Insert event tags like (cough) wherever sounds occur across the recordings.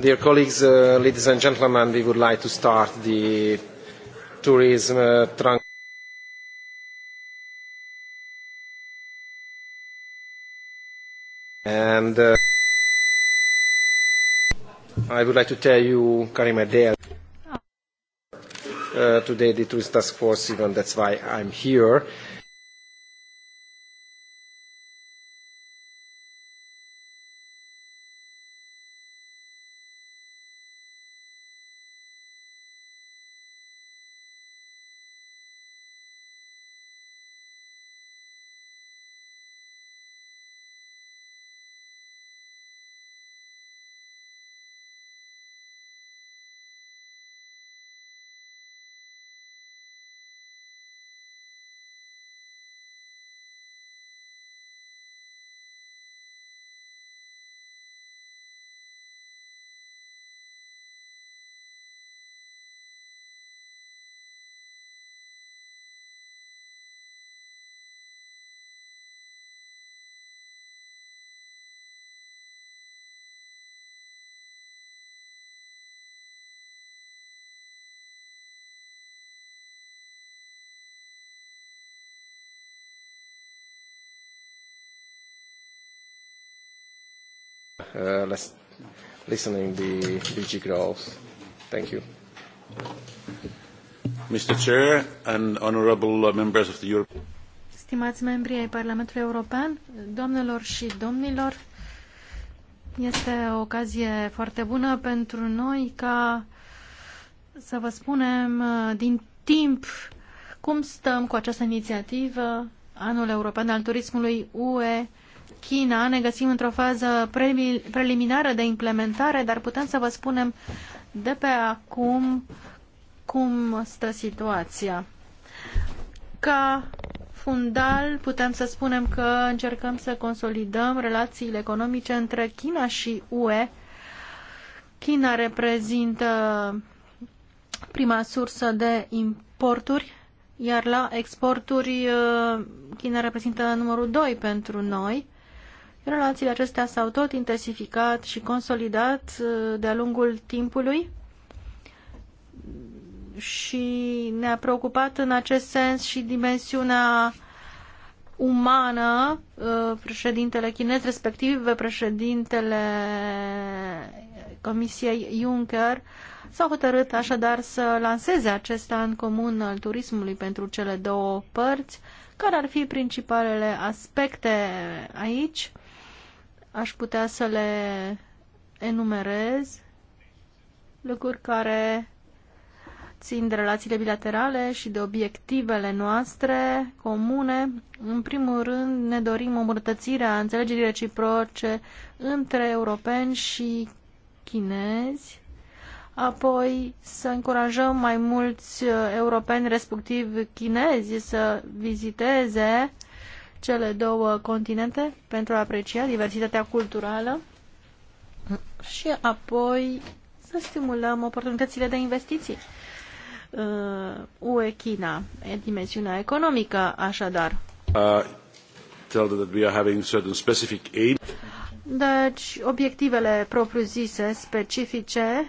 Dear colleagues, uh, ladies and gentlemen, we would like to start the tourism uh, trunk. And uh, I would like to tell you, Karim Adel, uh, today the Tourist Task Force, even that's why I'm here. Uh, Uh, listening the growth. Thank you. Mr. Chair and honorable uh, members of the Stimați membri ai Parlamentului European, doamnelor și domnilor, este o ocazie foarte bună pentru noi ca să vă spunem uh, din timp cum stăm cu această inițiativă, Anul European al Turismului UE China ne găsim într-o fază preliminară de implementare, dar putem să vă spunem de pe acum cum stă situația. Ca fundal putem să spunem că încercăm să consolidăm relațiile economice între China și UE. China reprezintă prima sursă de importuri, iar la exporturi uh, China reprezintă numărul doi pentru noi. Relațiile acestea s-au tot intensificat și consolidat uh, de-a lungul timpului și ne-a preocupat în acest sens și dimensiunea umană, uh, președintele chinez, respectiv președintele Comisiei Juncker, s-au hotărât așadar să lanseze acest an comun al turismului pentru cele două părți. Care ar fi principalele aspecte aici? Aș putea să le enumerez lucruri care țin de relațiile bilaterale și de obiectivele noastre comune. În primul rând, ne dorim o a înțelegerii reciproce între europeni și chinezi, apoi să încurajăm mai mulți uh, europeni, respectiv chinezi, să viziteze cele două continente pentru a aprecia diversitatea culturală și apoi să stimulăm oportunitățile de investiții. UE uh, China, e dimensiunea economică, așadar. Uh, deci, obiectivele propriu-zise, specifice,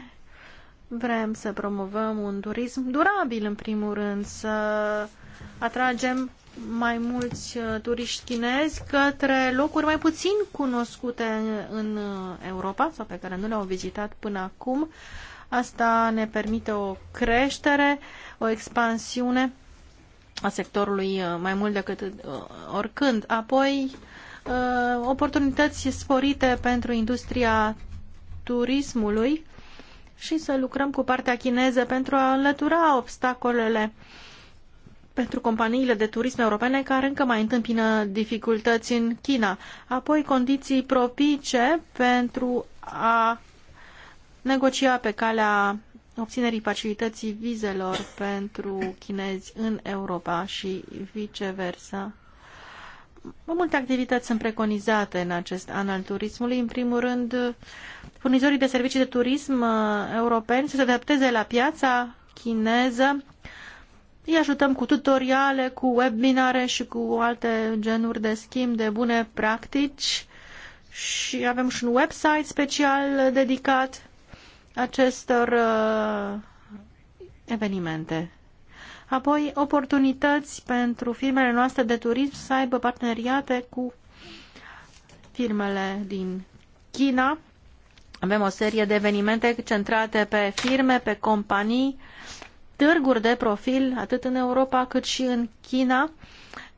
vrem să promovăm un turism durabil, în primul rând, să atragem mai mulți uh, turiști chinezi către locuri mai puțin cunoscute în uh, Europa sau pe care nu le-au vizitat până acum. Asta ne permite o creștere, o expansiune a sectorului uh, mai mult decât oricând. Apoi, oportunități sporite pentru industria turismului și să lucrăm cu partea chineză pentru a înlătura obstacolele uh, pentru companiile de turism europene care încă mai întâmpină dificultăți în China. Apoi condiții propice pentru a negocia pe calea obținerii facilității vizelor pentru chinezi în Europa și viceversa. Multe activități sunt preconizate în acest an al turismului. În primul rând, furnizorii de servicii de turism uh, europeni să se adapteze la piața chineză îi ajutăm cu tutoriale, cu webinare și cu alte genuri de schimb de bune practici și avem și un website special dedicat acestor uh, evenimente. Apoi, oportunități pentru firmele noastre de turism să aibă parteneriate cu firmele din China. Avem o serie de evenimente centrate pe firme, pe companii, uh, târguri de profil atât în Europa cât și în China,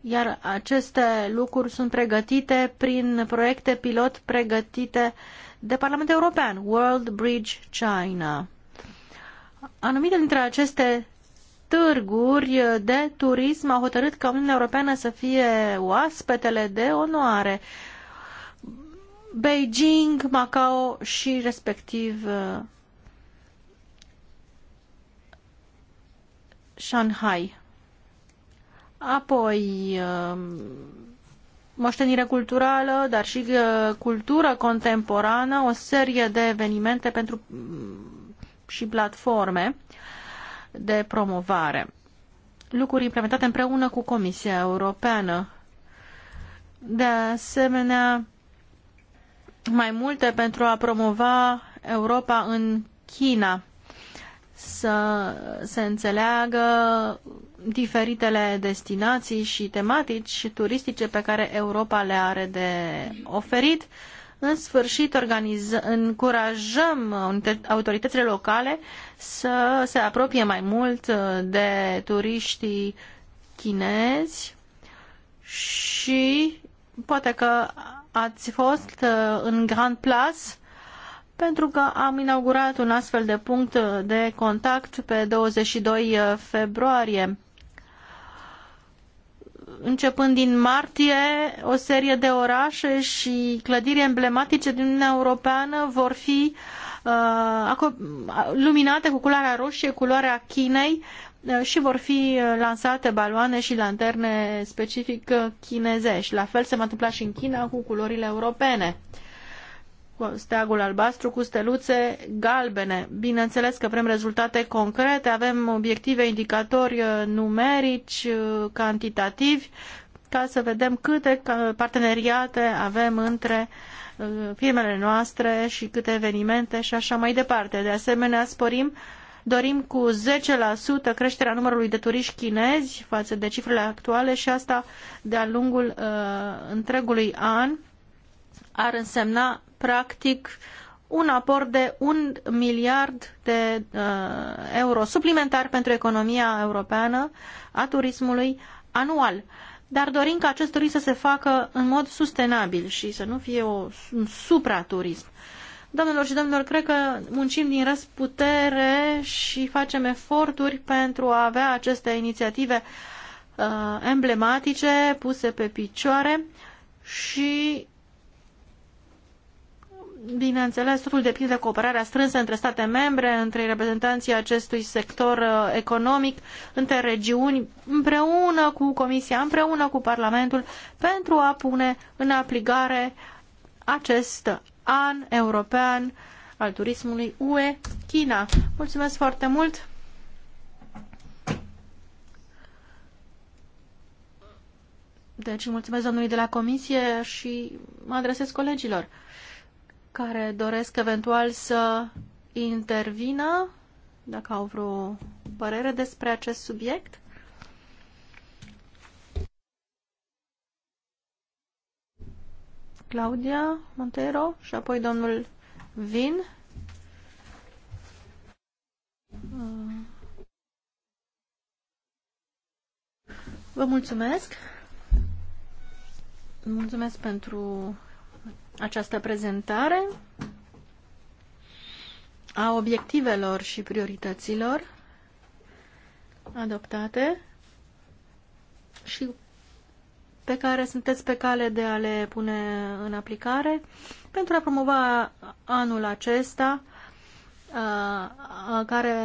iar aceste lucruri sunt pregătite prin proiecte pilot pregătite de Parlamentul European, World Bridge China. Anumite dintre aceste târguri de turism au hotărât ca Uniunea Europeană să fie oaspetele de onoare. Beijing, Macao și respectiv Shanghai. Apoi, um, moștenire culturală, dar și uh, cultură contemporană, o serie de evenimente pentru mm, și platforme de promovare. Lucruri implementate împreună cu Comisia Europeană. De asemenea, mai multe pentru a promova Europa în China să se înțeleagă diferitele destinații și tematici turistice pe care Europa le are de oferit. În sfârșit, organiză, încurajăm autoritățile locale să se apropie mai mult uh, de turiștii chinezi și poate că ați fost uh, în Grand Place pentru că am inaugurat un astfel de punct de contact pe 22 februarie. Începând din martie, o serie de orașe și clădiri emblematice din Uniunea Europeană vor fi uh, luminate cu culoarea roșie, culoarea Chinei uh, și vor fi uh, lansate baloane și lanterne specific uh, chinezești. La fel se va întâmpla și în China cu culorile europene. Uh, steagul albastru cu steluțe galbene. Bineînțeles că vrem rezultate concrete, avem obiective, indicatori uh, numerici, uh, cantitativi, ca să vedem câte parteneriate avem între uh, firmele noastre și câte evenimente și așa mai departe. De asemenea, sporim dorim cu 10% creșterea numărului de turiști chinezi față de cifrele actuale și asta de-a lungul uh, întregului an ar însemna practic un aport de un miliard de uh, euro suplimentar pentru economia europeană a turismului anual. Dar dorim ca acest turism să se facă în mod sustenabil și să nu fie o, un supraturism. Domnilor și domnilor, cred că muncim din răsputere și facem eforturi pentru a avea aceste inițiative uh, emblematice puse pe picioare și Bineînțeles, totul depinde de cooperarea strânsă între state membre, între reprezentanții acestui sector uh, economic, între regiuni, împreună cu Comisia, împreună cu Parlamentul, pentru a pune în aplicare acest an european al turismului UE China. Mulțumesc foarte mult! Deci mulțumesc domnului de la comisie și mă adresez colegilor care doresc eventual să intervină, dacă au vreo părere despre acest subiect. Claudia Montero și apoi domnul Vin. Vă mulțumesc. Mulțumesc pentru această prezentare a obiectivelor și priorităților adoptate și pe care sunteți pe cale de a le pune în aplicare pentru a promova anul acesta Uh, care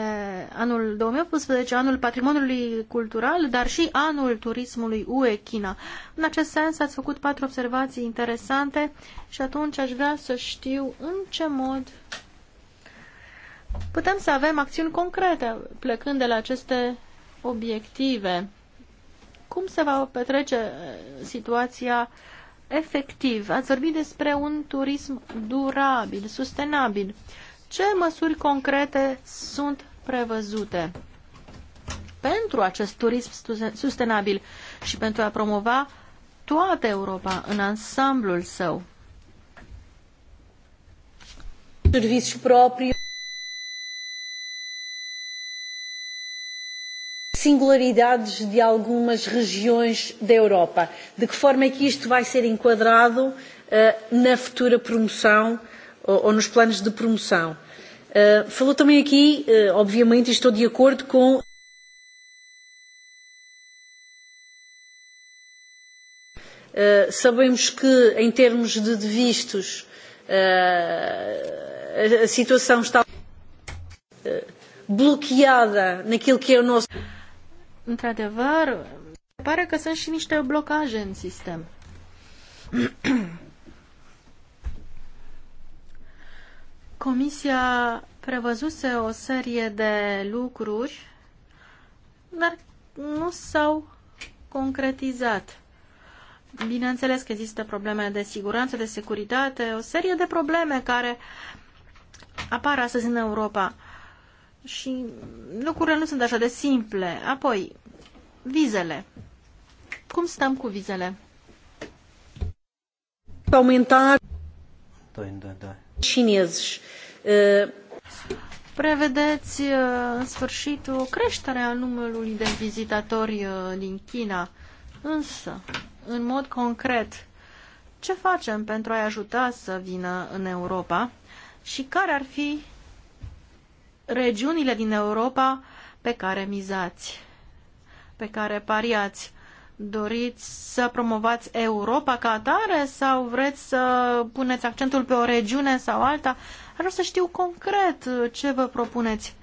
anul 2018, anul patrimoniului cultural, dar și anul turismului UE-China. În acest sens ați făcut patru observații interesante și atunci aș vrea să știu în ce mod putem să avem acțiuni concrete plecând de la aceste obiective. Cum se va petrece uh, situația efectiv? Ați vorbit despre un turism durabil, sustenabil. Uh, ce măsuri concrete sunt prevăzute pentru acest turism sustenabil și pentru a promova toată Europa în ansamblul său. Serviciu propriu. singularidades de algumas regiões da Europa. De que forma é que isto vai ser enquadrado uh, na futura promoção ou, ou nos planos de promoção. Uh, falou também aqui, uh, obviamente, e estou de acordo com. Uh, sabemos que, em termos de, de vistos, uh, a, a situação está uh, bloqueada naquilo que é o nosso. Într-adevăr, pare că sunt și niște blocaje în sistem. (clears throat) Comisia prevăzuse o serie de lucruri, dar nu s-au concretizat. Bineînțeles că există probleme de siguranță, de securitate, o serie de probleme care apar astăzi în Europa. Și lucrurile nu sunt așa de simple. Apoi, vizele. Cum stăm cu vizele? Aumentar. Da, da, da. Prevedeți uh, în sfârșit o creștere a numărului de vizitatori uh, din China, însă, în mod concret, ce facem pentru a-i ajuta să vină în Europa și care ar fi regiunile din Europa pe care mizați, pe care pariați? Doriți să promovați Europa ca atare sau vreți să puneți accentul pe o regiune sau alta? vrea să știu concret ce vă propuneți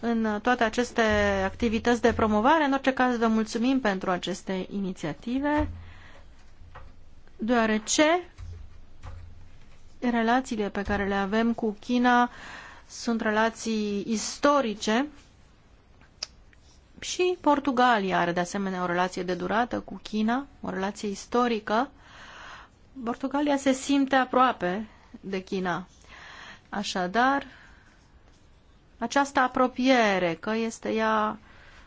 în toate aceste activități de promovare. În orice caz, vă mulțumim pentru aceste inițiative, deoarece relațiile pe care le avem cu China sunt relații istorice și Portugalia are de asemenea o relație de durată cu China, o relație istorică. Portugalia se simte aproape de China. Așadar, această apropiere, că este ea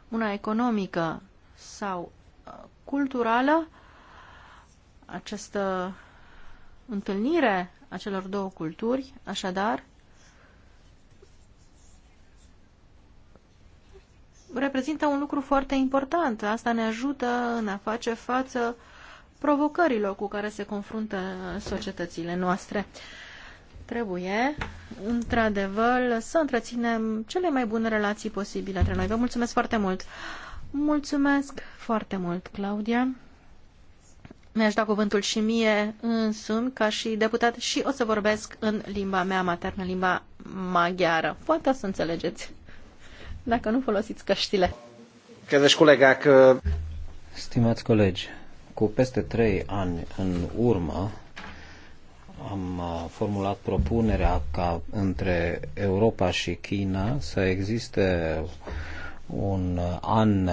una economică sau uh, culturală, această întâlnire a celor două culturi, așadar, reprezintă un lucru foarte important. Asta ne ajută în a face față provocărilor cu care se confruntă societățile noastre. Trebuie, într-adevăr, să întreținem cele mai bune relații posibile între noi. Vă mulțumesc foarte mult! Mulțumesc foarte mult, Claudia! Mi-aș da cuvântul și mie însumi, ca și deputat, și o să vorbesc în limba mea maternă, limba maghiară. Poate o să înțelegeți dacă nu folosiți căștile. Credeți, colega, că... Stimați colegi, cu peste trei ani în urmă am formulat propunerea ca între Europa și China să existe un an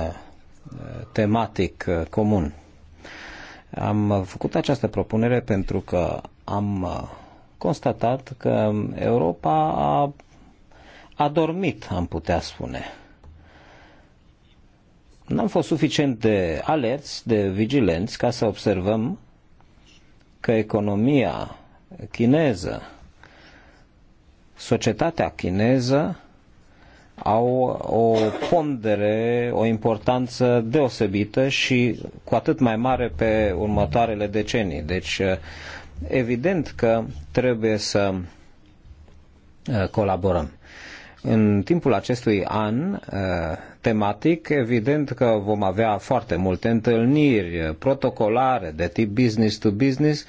tematic comun. Am făcut această propunere pentru că am constatat că Europa a adormit, am putea spune. N-am fost suficient de alerți, de vigilenți, ca să observăm că economia chineză, societatea chineză, au o pondere, o importanță deosebită și cu atât mai mare pe următoarele decenii. Deci, evident că trebuie să uh, colaborăm. În timpul acestui an uh, tematic, evident că vom avea foarte multe întâlniri protocolare de tip business to business,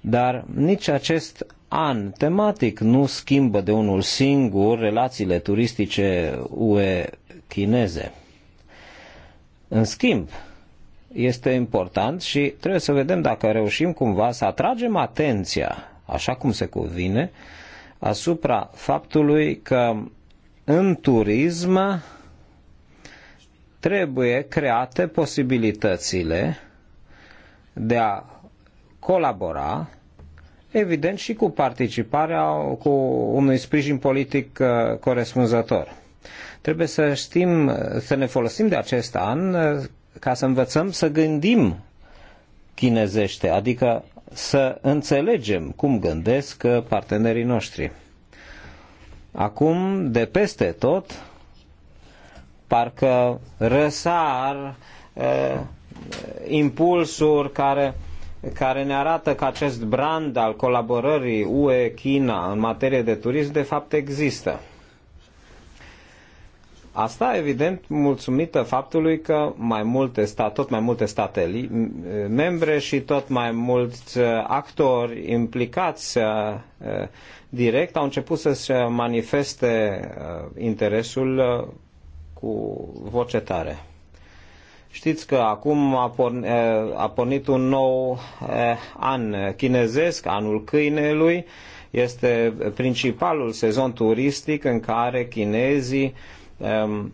dar nici acest an tematic nu schimbă de unul singur relațiile turistice UE chineze. În schimb, este important și trebuie să vedem dacă reușim cumva să atragem atenția, așa cum se cuvine, asupra faptului că în turism trebuie create posibilitățile de a colabora, evident și cu participarea cu unui sprijin politic uh, corespunzător. Trebuie să știm, să ne folosim de acest an uh, ca să învățăm să gândim chinezește, adică să înțelegem cum gândesc uh, partenerii noștri. Acum, de peste tot, parcă răsar uh, impulsuri care, care ne arată că acest brand al colaborării UE-China în materie de turism de fapt există. Asta, evident, mulțumită faptului că mai multe sta tot mai multe state membre și tot mai mulți uh, actori implicați uh, uh, direct au început să-și manifeste interesul cu voce tare. Știți că acum a, porn, a pornit un nou an chinezesc, anul câinelui, este principalul sezon turistic în care chinezii uh, Ehm,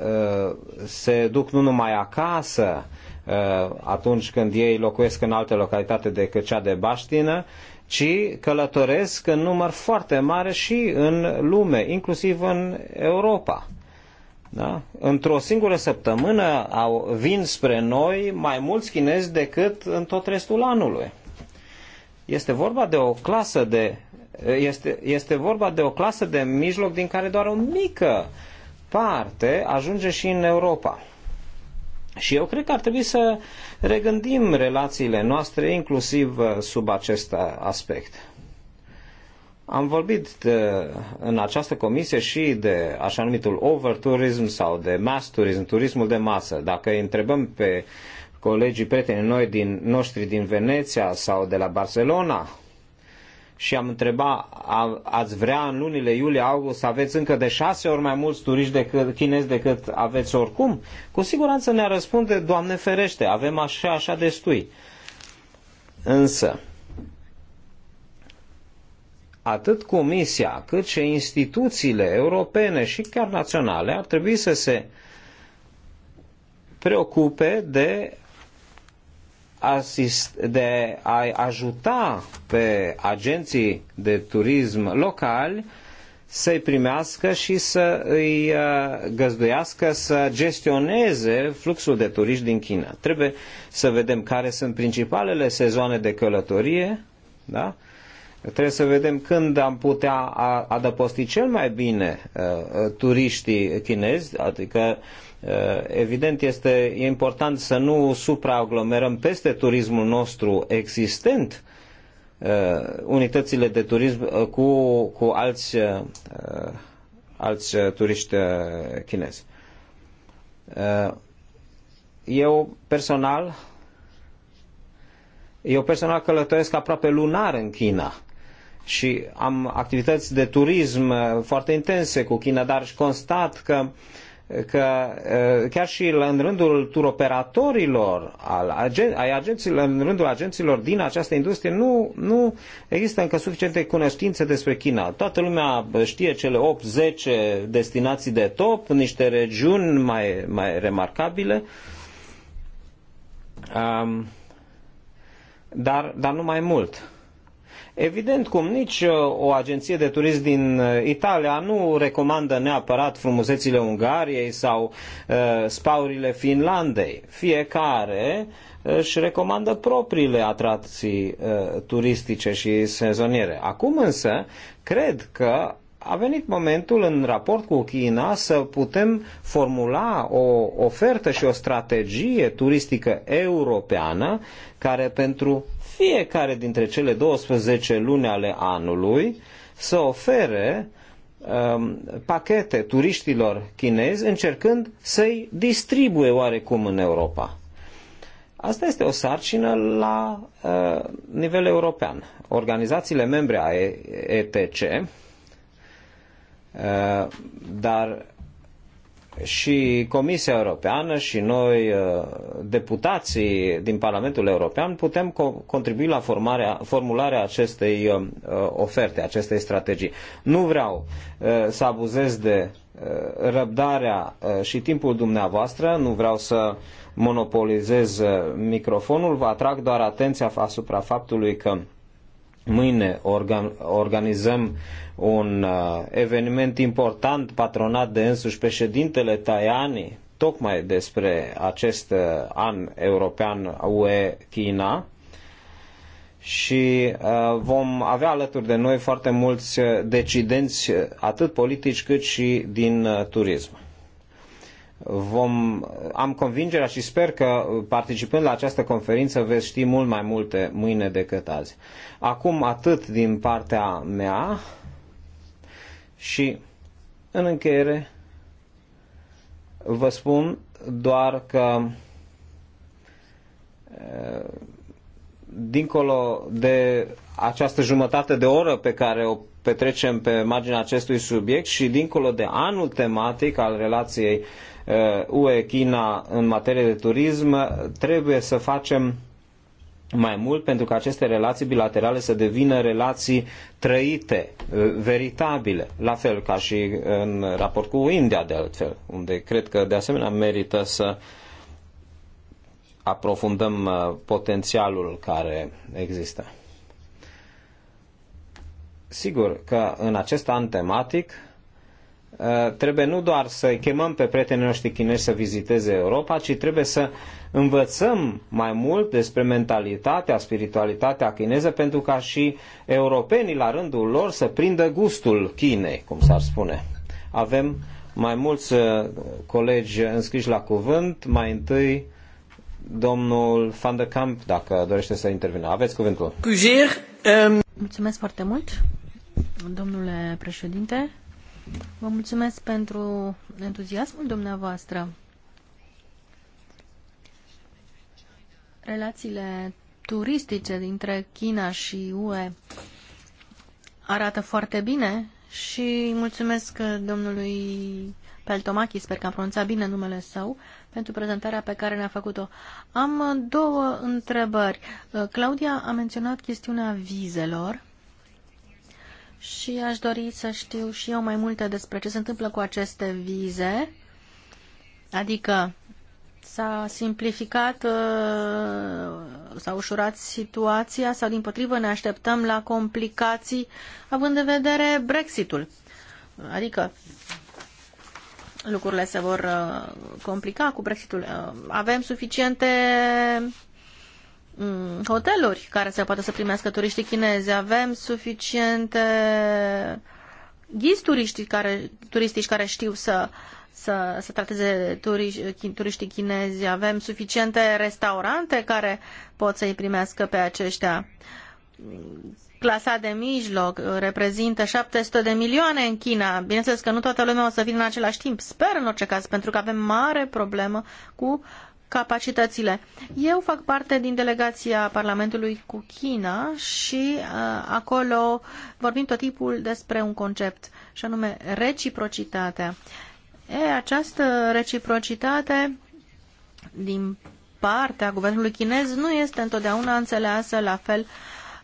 eh, se duc nu numai acasă eh, atunci când ei locuiesc în alte localitate decât cea de baștină, ci călătoresc în număr foarte mare și în lume, inclusiv în Europa. Da? Într-o singură săptămână au, vin spre noi mai mulți chinezi decât în tot restul anului. Este vorba de o clasă de este, este vorba de o clasă de mijloc din care doar o mică uh, parte ajunge și în Europa. Și eu cred că ar trebui să regândim relațiile noastre inclusiv uh, sub acest uh, aspect. Am vorbit de, în această comisie și de așa numitul overturism sau de mass turism, turismul de masă. Dacă îi întrebăm pe colegii prietenii noi din, noștri din Veneția sau de la Barcelona, și am întrebat, a, ați vrea în lunile iulie-august să aveți încă de șase ori mai mulți turiști decât, chinezi decât aveți oricum? Cu siguranță ne-a răspunde, Doamne ferește, avem așa, așa destui. Însă, atât Comisia, cât și instituțiile europene și chiar naționale ar trebui să se preocupe de asist, de a ajuta pe agenții de turism locali să-i primească și să îi uh, găzduiască, să gestioneze fluxul de turiști din China. Trebuie să vedem care sunt principalele sezoane de călătorie, da? Trebuie să vedem când am putea adăposti cel mai bine uh, uh turiștii chinezi, adică uh, Eh, evident, este e important să nu supraaglomerăm peste turismul nostru existent eh, unitățile de turism eh, cu, cu alți, alți turiști chinezi. Eu personal eu personal călătoresc aproape lunar în China și am activități de turism foarte intense cu China, dar și constat că uh, că eh, chiar și în rândul turoperatorilor, al ai agenților, în rândul agenților din această industrie, nu, nu există încă suficiente cunoștințe despre China. Toată lumea știe cele 8-10 destinații de top, niște regiuni mai, mai remarcabile, um, dar, dar nu mai mult. Evident, cum nici uh, o agenție de turism din uh, Italia nu recomandă neapărat frumusețile Ungariei sau uh, spaurile Finlandei. Fiecare uh, își recomandă propriile atracții uh, turistice și sezoniere. Acum însă, cred că a venit momentul în raport cu China să putem formula o ofertă și o strategie turistică europeană care pentru fiecare dintre cele 12 luni ale anului să ofere um, pachete turiștilor chinezi încercând să-i distribuie oarecum în Europa. Asta este o sarcină la uh, nivel european. Organizațiile membre a ETC Eh, dar și Comisia Europeană și noi, eh, deputații din Parlamentul European, putem contribui la formarea, formularea acestei eh, oferte, acestei strategii. Nu vreau să abuzez de răbdarea și timpul dumneavoastră, nu vreau să monopolizez microfonul, vă atrag doar atenția asupra faptului că Mâine organ, organizăm un uh, eveniment important patronat de însuși președintele Tajani, tocmai despre acest uh, an european UE-China și uh, vom avea alături de noi foarte mulți uh, decidenți, uh, atât politici cât și din uh, turism vom, am convingerea și sper că participând la această conferință veți ști mult mai multe mâine decât azi. Acum atât din partea mea și în încheiere vă spun doar că eh, dincolo de această jumătate de oră pe care o petrecem pe marginea acestui subiect și dincolo de anul tematic al relației UE-China uh, în materie de turism, uh, trebuie să facem mai mult pentru că aceste relații bilaterale să devină relații trăite, uh, veritabile, la fel ca și în raport cu India de altfel, unde cred că de asemenea merită să aprofundăm potențialul care există. Sigur că în acest an tematic Eh, trebuie nu doar să chemăm pe prietenii noștri chinezi să viziteze Europa, ci trebuie să învățăm mai mult despre mentalitatea, spiritualitatea chineză, pentru ca și europenii la rândul lor să prindă gustul Chinei, cum s-ar spune. Avem mai mulți eh, colegi înscriși la cuvânt, mai întâi domnul Van de Camp, dacă dorește să intervină. Aveți cuvântul. Ehm, Mulțumesc foarte mult, domnule președinte. Vă mulțumesc pentru entuziasmul dumneavoastră. Relațiile turistice dintre China și UE arată foarte bine și mulțumesc domnului Peltomachi, sper că am pronunțat bine numele său, pentru prezentarea pe care ne-a făcut-o. Am două întrebări. Claudia a menționat chestiunea vizelor și aș dori să știu și eu mai multe despre ce se întâmplă cu aceste vize. Adică s-a simplificat, uh, s-a ușurat situația sau din potrivă ne așteptăm la complicații având în vedere Brexitul. Adică lucrurile se vor uh, complica cu Brexitul. Uh, avem suficiente Mm, hoteluri care să poată să primească turiștii chinezi. Avem suficiente ghizi turiști care, turistici care știu să, să, să trateze turiști, turiștii chinezi. Avem suficiente restaurante care pot să-i primească pe aceștia. Clasa de mijloc uh, reprezintă 700 de milioane în China. Bineînțeles că nu toată lumea o să vină în același timp. Sper în orice caz, pentru că avem mare problemă cu uh, capacitățile. Eu fac parte din delegația Parlamentului cu China și uh, acolo vorbim tot timpul despre un concept, și anume reciprocitatea. E, această reciprocitate din partea guvernului chinez nu este întotdeauna înțeleasă la fel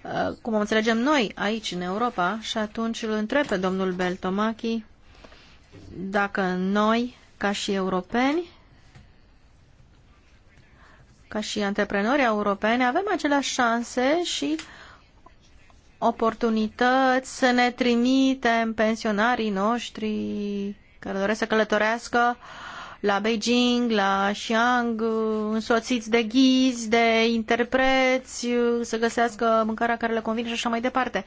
uh, cum o înțelegem noi aici în Europa și atunci îl întreb pe domnul Beltomachi dacă noi, ca și europeni, ca și antreprenori europeni, avem aceleași șanse și oportunități să ne trimitem pensionarii noștri care doresc să călătorească la Beijing, la Xiang, însoțiți de ghizi, de interpreți, să găsească mâncarea care le convine și așa mai departe.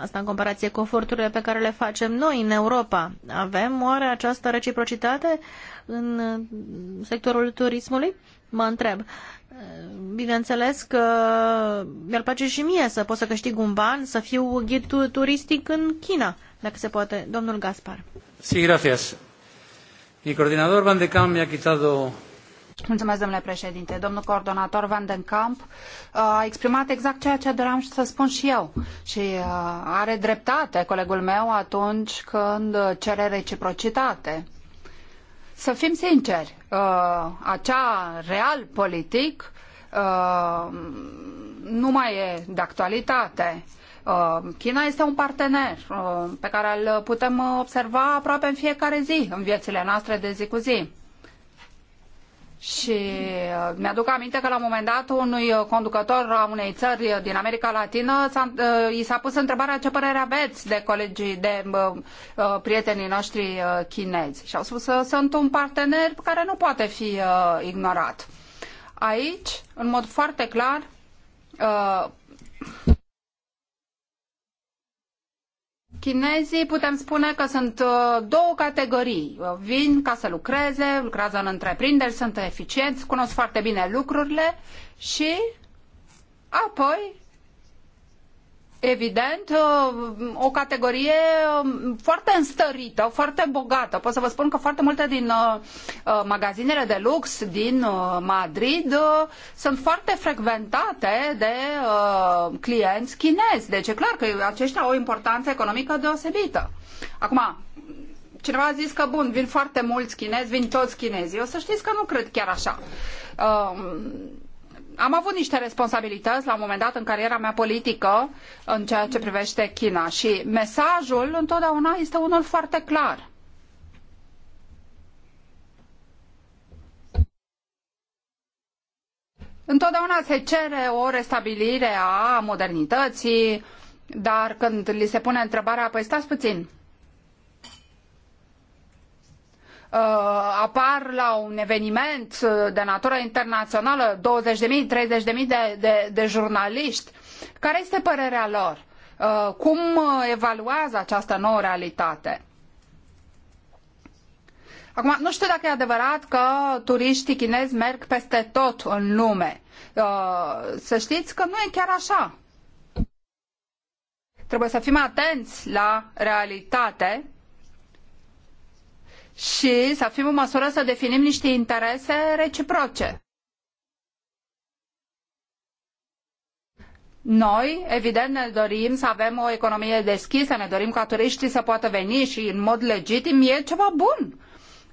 Asta în comparație cu eforturile pe care le facem noi în Europa. Avem oare această reciprocitate în sectorul turismului? mă întreb. Bineînțeles că mi-ar place și mie să pot să câștig un ban, să fiu ghid turistic în China, dacă se poate. Domnul Gaspar. Sí, gracias. Mi coordinador Van de Cam mi-a quitado Mulțumesc, domnule președinte. Domnul coordonator Van den Camp uh, a exprimat exact ceea ce doream să spun și eu. Și uh, are dreptate colegul meu atunci când cere reciprocitate. Să fim sinceri, uh, acea real politic uh, nu mai e de actualitate. Uh, China este un partener pe care îl putem observa aproape în fiecare zi, în viețile noastre de zi cu zi. Și uh, mi-aduc aminte că la un moment dat unui uh, conducător a unei țări uh, din America Latină s-a, i s-a pus întrebarea ce părere aveți de colegii, de uh, prietenii noștri chinezi. Și au spus că sunt un partener care nu poate fi uh, ignorat. Aici, în mod foarte clar, uh, Chinezii putem spune că sunt uh, două categorii. Uh, vin ca să lucreze, lucrează în întreprinderi, sunt eficienți, cunosc foarte bine lucrurile și apoi evident, o categorie foarte înstărită, foarte bogată. Pot să vă spun că foarte multe din uh, uh, magazinele de lux din uh, Madrid sunt foarte frecventate de clienți chinezi. Deci e clar că aceștia au o importanță economică deosebită. Acum, cineva a zis că, bun, vin foarte mulți chinezi, vin toți chinezii. O să știți că nu cred chiar așa. Uh, am avut niște responsabilități la un moment dat în cariera mea politică în ceea ce privește China și mesajul întotdeauna este unul foarte clar. Întotdeauna se cere o restabilire a modernității, dar când li se pune întrebarea, păi stați puțin, Uh, apar la un eveniment uh, de natură internațională 20.000-30.000 de, de, de jurnaliști. Care este părerea lor? Uh, cum evaluează această nouă realitate? Acum, nu știu dacă e adevărat că turiștii chinezi merg peste tot în lume. Să știți că nu e chiar așa. Trebuie să fim atenți la realitate și să fim în măsură să definim niște interese reciproce. Noi, evident, ne dorim să avem o economie deschisă, ne dorim ca turiștii să poată veni și în mod legitim e ceva bun.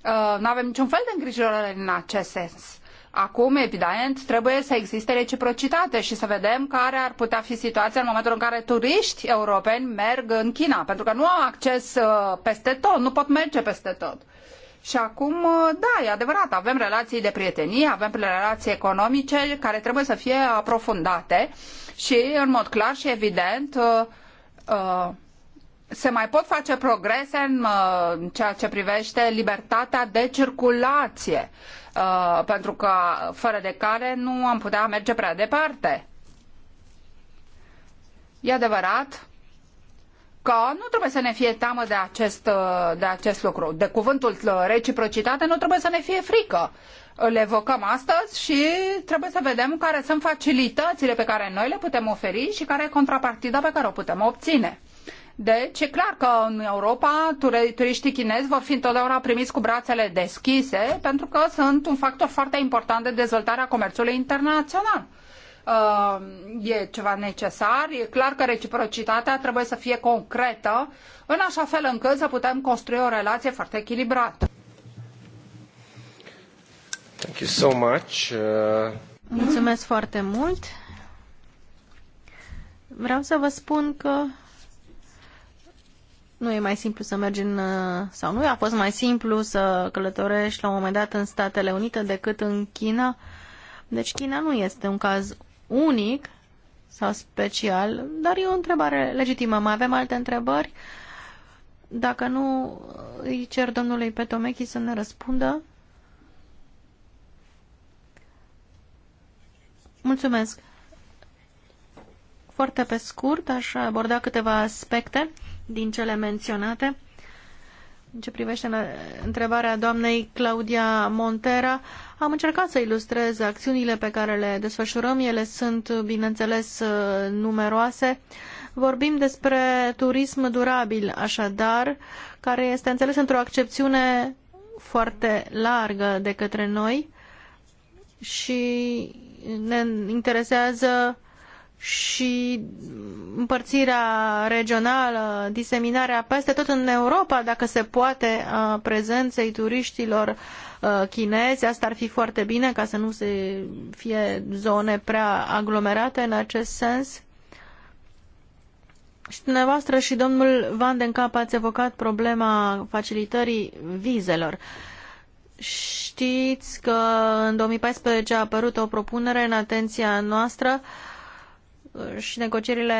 Uh, nu avem niciun fel de îngrijorare în acest sens. Acum, evident, trebuie să existe reciprocitate și să vedem care ar putea fi situația în momentul în care turiști europeni merg în China, pentru că nu au acces uh, peste tot, nu pot merge peste tot. Și acum, uh, da, e adevărat, avem relații de prietenie, avem relații economice care trebuie să fie aprofundate și, în mod clar și evident, uh, uh, se mai pot face progrese în ceea ce privește libertatea de circulație, pentru că fără de care nu am putea merge prea departe. E adevărat că nu trebuie să ne fie teamă de acest, uh, de acest lucru. De cuvântul uh, reciprocitate nu trebuie să ne fie frică. Le evocăm astăzi și trebuie să vedem care sunt facilitățile pe care noi le putem oferi și care e contrapartida pe care o putem obține. Deci e clar că în Europa turiștii chinezi vor fi întotdeauna primiți cu brațele deschise pentru că sunt un factor foarte important de dezvoltare a comerțului internațional. Uh, e ceva necesar. E clar că reciprocitatea trebuie să fie concretă, în așa fel încât să putem construi o relație foarte echilibrată. Thank you so much. Uh... Mulțumesc foarte mult. Vreau să vă spun că nu e mai simplu să mergi în... Uh, sau nu a fost mai simplu să călătorești la un moment dat în Statele Unite decât în China. Deci China nu este un caz unic sau special, dar e o întrebare legitimă. Mai avem alte întrebări? Dacă nu, îi cer domnului Petomechi să ne răspundă. Mulțumesc. Foarte pe scurt, aș aborda câteva aspecte din cele menționate. În ce privește întrebarea doamnei Claudia Montera, am încercat să ilustrez acțiunile pe care le desfășurăm. Ele sunt, bineînțeles, numeroase. Vorbim despre turism durabil, așadar, care este înțeles într-o accepțiune foarte largă de către noi și ne interesează și împărțirea regională, diseminarea peste tot în Europa, dacă se poate, a prezenței turiștilor chinezi. Asta ar fi foarte bine ca să nu se fie zone prea aglomerate în acest sens. Și dumneavoastră și domnul Van den Kamp ați evocat problema facilitării vizelor. Știți că în 2014 a apărut o propunere în atenția noastră uh, și negocierile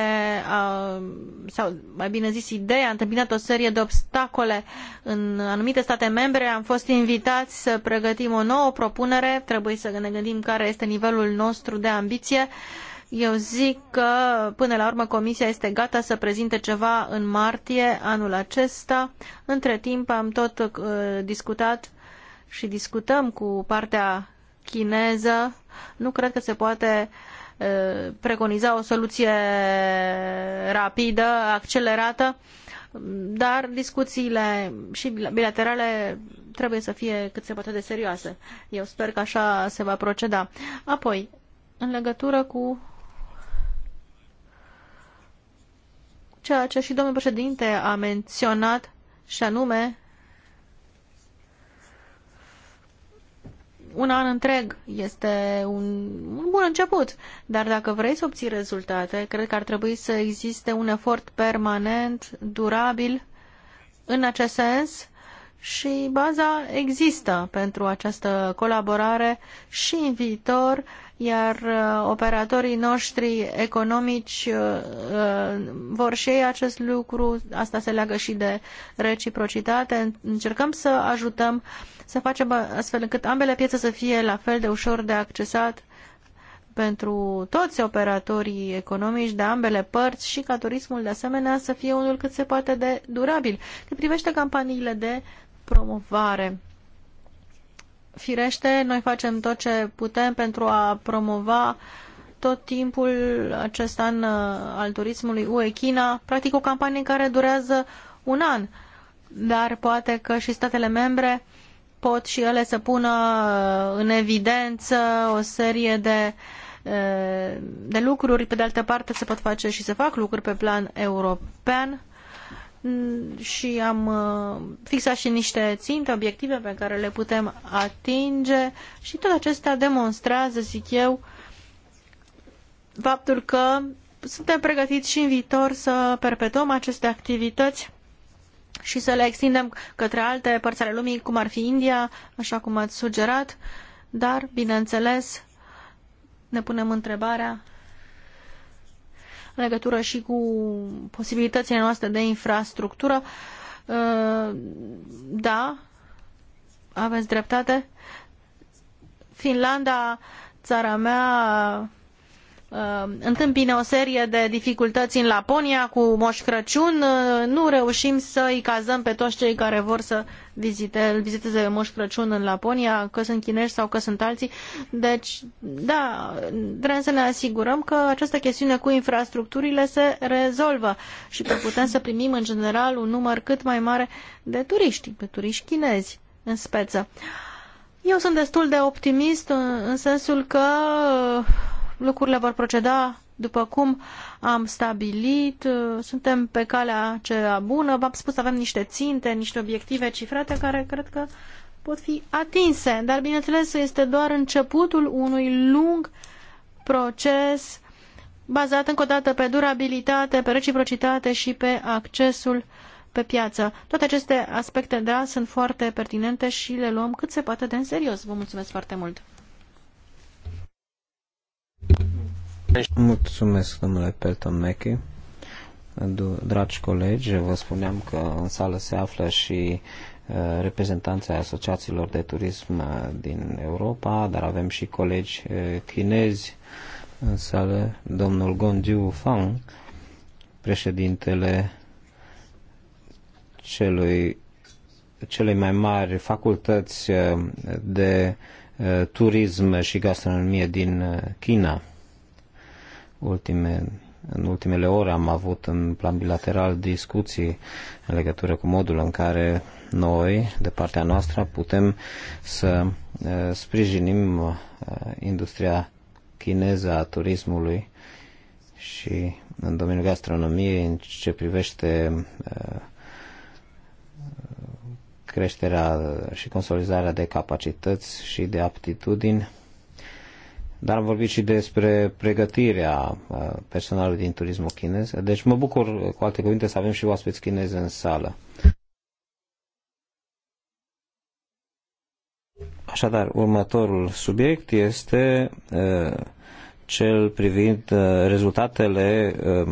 sau mai bine zis ideea a întâmpinat o serie de obstacole în anumite state membre. Am fost invitați să pregătim o nouă propunere, trebuie să ne gândim care este nivelul nostru de ambiție. Eu zic că până la urmă Comisia este gata să prezinte ceva în martie anul acesta. Între timp am tot uh, discutat și discutăm cu partea chineză. Nu cred că se poate uh, preconiza o soluție rapidă, accelerată, dar discuțiile și bilaterale trebuie să fie cât se poate de serioase. Eu sper că așa se va proceda. Apoi, în legătură cu ceea ce și domnul președinte a menționat, și anume un an întreg este un, un bun început, dar dacă vrei să obții rezultate, cred că ar trebui să existe un efort permanent, durabil, în acest sens și baza există pentru această colaborare și în viitor, iar uh, operatorii noștri economici uh, uh, vor și ei acest lucru, asta se leagă și de reciprocitate. Încercăm să ajutăm să facem astfel încât ambele piețe să fie la fel de ușor de accesat pentru toți operatorii economici de ambele părți și ca turismul de asemenea să fie unul cât se poate de durabil. Cât privește campaniile de promovare. Firește, noi facem tot ce putem pentru a promova tot timpul acest an uh, al turismului UE China, practic o campanie care durează un an, dar poate că și statele membre pot și ele să pună uh, în evidență o serie de, uh, de lucruri. Pe de altă parte, se pot face și se fac lucruri pe plan european Mm, și am uh, fixat și niște ținte, obiective pe care le putem atinge și tot acestea demonstrează, zic eu, faptul că suntem pregătiți și în viitor să perpetuăm aceste activități și să le extindem către alte părți ale lumii, cum ar fi India, așa cum ați sugerat, dar, bineînțeles, ne punem întrebarea în legătură și cu posibilitățile noastre de infrastructură. Uh, da, aveți dreptate. Finlanda, țara mea, Uh, întâmpină o serie de dificultăți în Laponia cu Moș Crăciun, uh, nu reușim să îi cazăm pe toți cei care vor să vizite, îl viziteze Moș Crăciun în Laponia, că sunt chinești sau că sunt alții. Deci, da, trebuie să ne asigurăm că această chestiune cu infrastructurile se rezolvă și că putem să primim în general un număr cât mai mare de turiști, de turiști chinezi în speță. Eu sunt destul de optimist în sensul că lucrurile vor proceda după cum am stabilit, suntem pe calea cea bună, v-am spus, avem niște ținte, niște obiective cifrate care cred că pot fi atinse, dar bineînțeles este doar începutul unui lung proces bazat încă o dată pe durabilitate, pe reciprocitate și pe accesul pe piață. Toate aceste aspecte, da, sunt foarte pertinente și le luăm cât se poate de în serios. Vă mulțumesc foarte mult! Mulțumesc, domnule Pelton Meche. Dragi colegi, vă spuneam că în sală se află și uh, reprezentanții asociațiilor de turism uh, din Europa, dar avem și colegi uh, chinezi în sală, domnul Gongjiu Fang, președintele celui, celei mai mari facultăți de Eh, turism și gastronomie din eh, China. Ultime, în ultimele ore am avut în plan bilateral discuții în legătură cu modul în care noi, de partea noastră, putem să eh, sprijinim industria chineză a turismului și în domeniul gastronomiei, în ce privește uh, creșterea și consolidarea de capacități și de aptitudini, dar am vorbit și despre pregătirea uh, personalului din turismul chinez. Deci mă bucur, cu alte cuvinte, să avem și oaspeți chinezi în sală. Așadar, următorul subiect este uh, cel privind uh, rezultatele uh,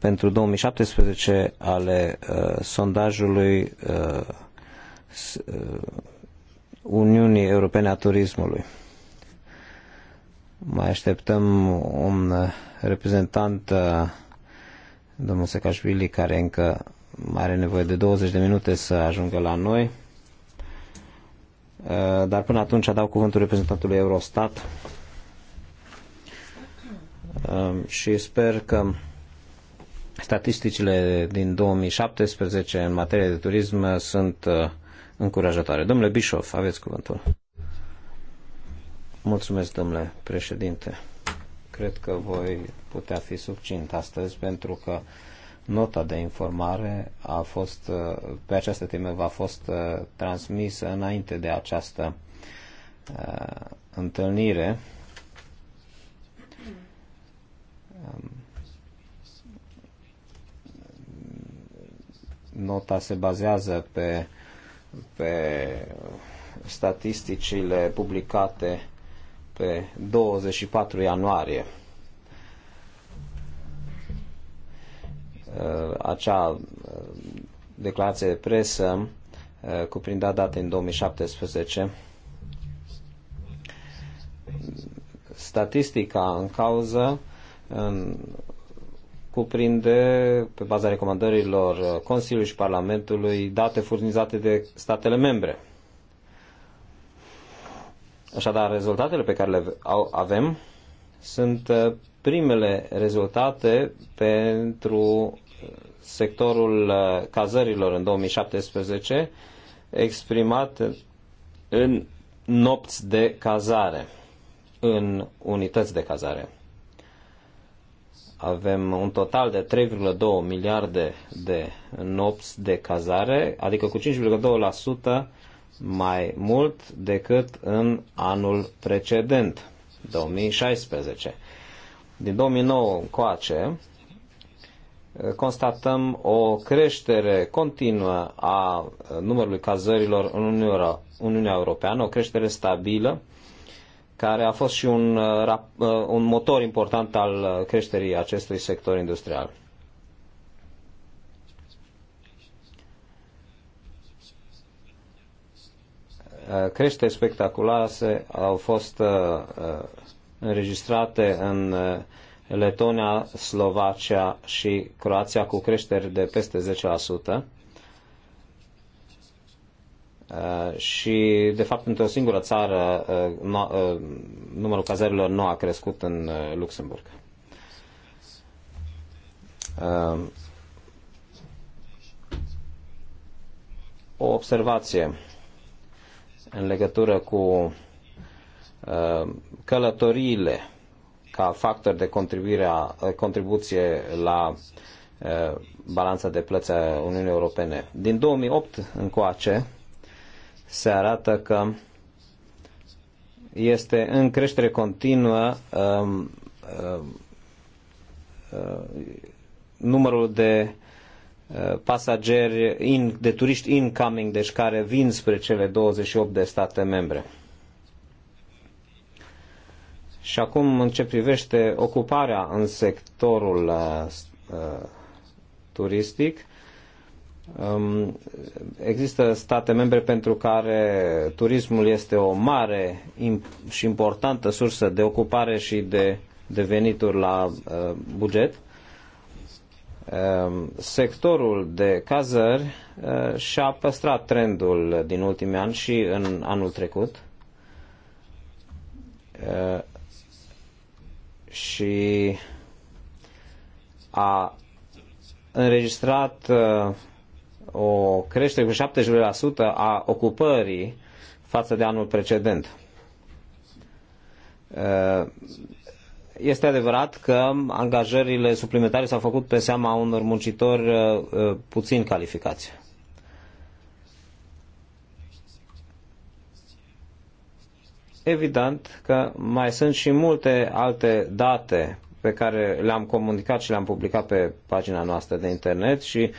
pentru 2017 ale uh, sondajului uh, uh, Uniunii Europene a Turismului. Mai așteptăm un reprezentant, uh, domnul Secașvili, care încă mai are nevoie de 20 de minute să ajungă la noi. Uh, dar până atunci dau cuvântul reprezentantului Eurostat um, și sper că Statisticile din 2017 în materie de turism sunt uh, încurajatoare. Domnule Bischoff, aveți cuvântul. Mulțumesc, domnule președinte. Cred că voi putea fi succint astăzi pentru că nota de informare a fost, uh, pe această temă va fost uh, transmisă înainte de această uh, întâlnire. Um, nota se bazează pe, pe statisticile publicate pe 24 ianuarie. Uh, acea uh, declarație de presă uh, cuprindea date în 2017. Statistica în cauză cuprinde, pe baza recomandărilor Consiliului și Parlamentului, date furnizate de statele membre. Așadar, rezultatele pe care le avem sunt uh, primele rezultate pentru uh, sectorul uh, cazărilor în 2017 exprimat în nopți de cazare, în unități de cazare. Avem un total de 3,2 miliarde de nopți de cazare, adică cu 5,2% mai mult decât în anul precedent, 2016. Din 2009 încoace, constatăm o creștere continuă a numărului cazărilor în Uniunea Europeană, o creștere stabilă care a fost și un, uh, uh, un motor important al uh, creșterii acestui sector industrial. Creșteri spectaculoase au fost înregistrate în Letonia, Slovacia și Croația cu creșteri de peste Uh, și, de fapt, într-o singură țară, uh, uh, numărul cazărilor nu a crescut în Luxemburg. O observație în legătură cu călătoriile ca factor de contribuție la balanța de plăți a Uniunii Europene. Din 2008 încoace, se arată că este în creștere continuă um, um, uh, numărul de uh, pasageri, in, de turiști incoming, deci care vin spre cele 28 de state membre. Și acum, în ce privește ocuparea în sectorul uh, uh turistic, Um, există state membre pentru care turismul este o mare și importantă sursă de ocupare și de, de venituri la uh, buget. Um, sectorul de cazări uh, și-a păstrat trendul din ultimii ani și în anul trecut uh, și a înregistrat o creștere cu 70% a ocupării față de anul precedent. Uh, este adevărat că angajările suplimentare s-au făcut pe seama unor muncitori uh, uh, puțin calificați. Evident că mai sunt și multe alte date pe care le-am comunicat și le-am publicat pe pagina noastră de internet și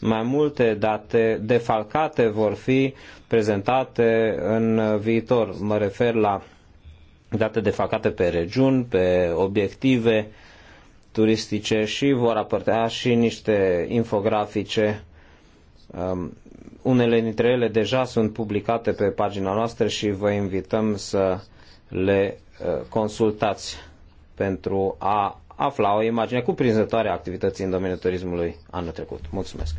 mai multe date defalcate vor fi prezentate în viitor. Mă refer la date defalcate pe regiuni, pe obiective turistice și vor apărtea și niște infografice. Um, unele dintre ele deja sunt publicate pe pagina noastră și vă invităm să le uh, consultați pentru a afla o imagine cuprinzătoare a activității în domeniul turismului anul trecut. Mulțumesc!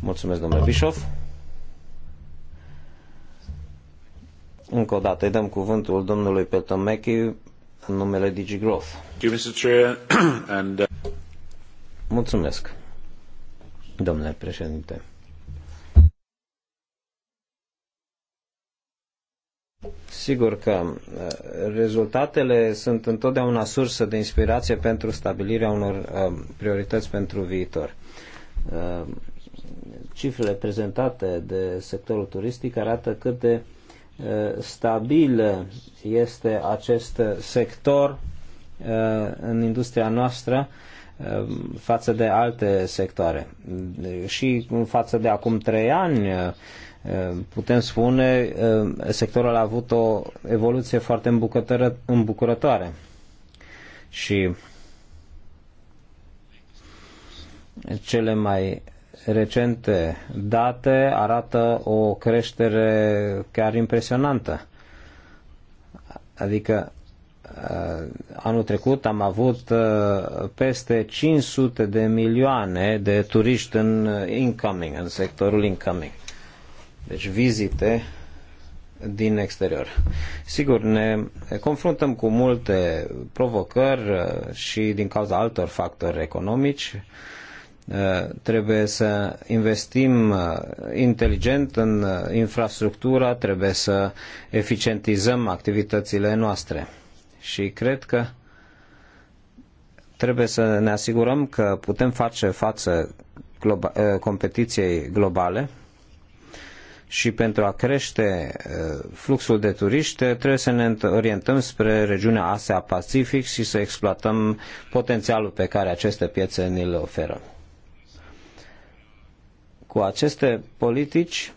Mulțumesc, domnule Bischoff! Încă o dată îi dăm cuvântul domnului Pelton Mechi în numele DigiGrowth. (clears throat) Uh, Mulțumesc, domnule președinte. Sigur că uh, rezultatele sunt întotdeauna sursă de inspirație pentru stabilirea unor uh, priorități pentru viitor. Uh, cifrele prezentate de sectorul turistic arată cât de stabil este acest sector în industria noastră față de alte sectoare. Și față de acum trei ani, Eh, putem spune, eh, sectorul a avut o evoluție foarte îmbucurătoare. Și cele mai recente date arată o creștere chiar impresionantă. Adică eh, anul trecut am avut peste 500 de milioane de turiști în incoming, în sectorul incoming deci vizite din exterior. Sigur, ne confruntăm cu multe provocări uh, și din cauza altor factori economici. Uh, trebuie să investim uh, inteligent în infrastructura, trebuie să eficientizăm activitățile noastre. Și cred că trebuie să ne asigurăm că putem face față globa- competiției globale și pentru a crește uh, fluxul de turiști uh, trebuie să ne orientăm spre regiunea Asia-Pacific și să exploatăm potențialul pe care aceste piețe ni le oferă. Cu aceste politici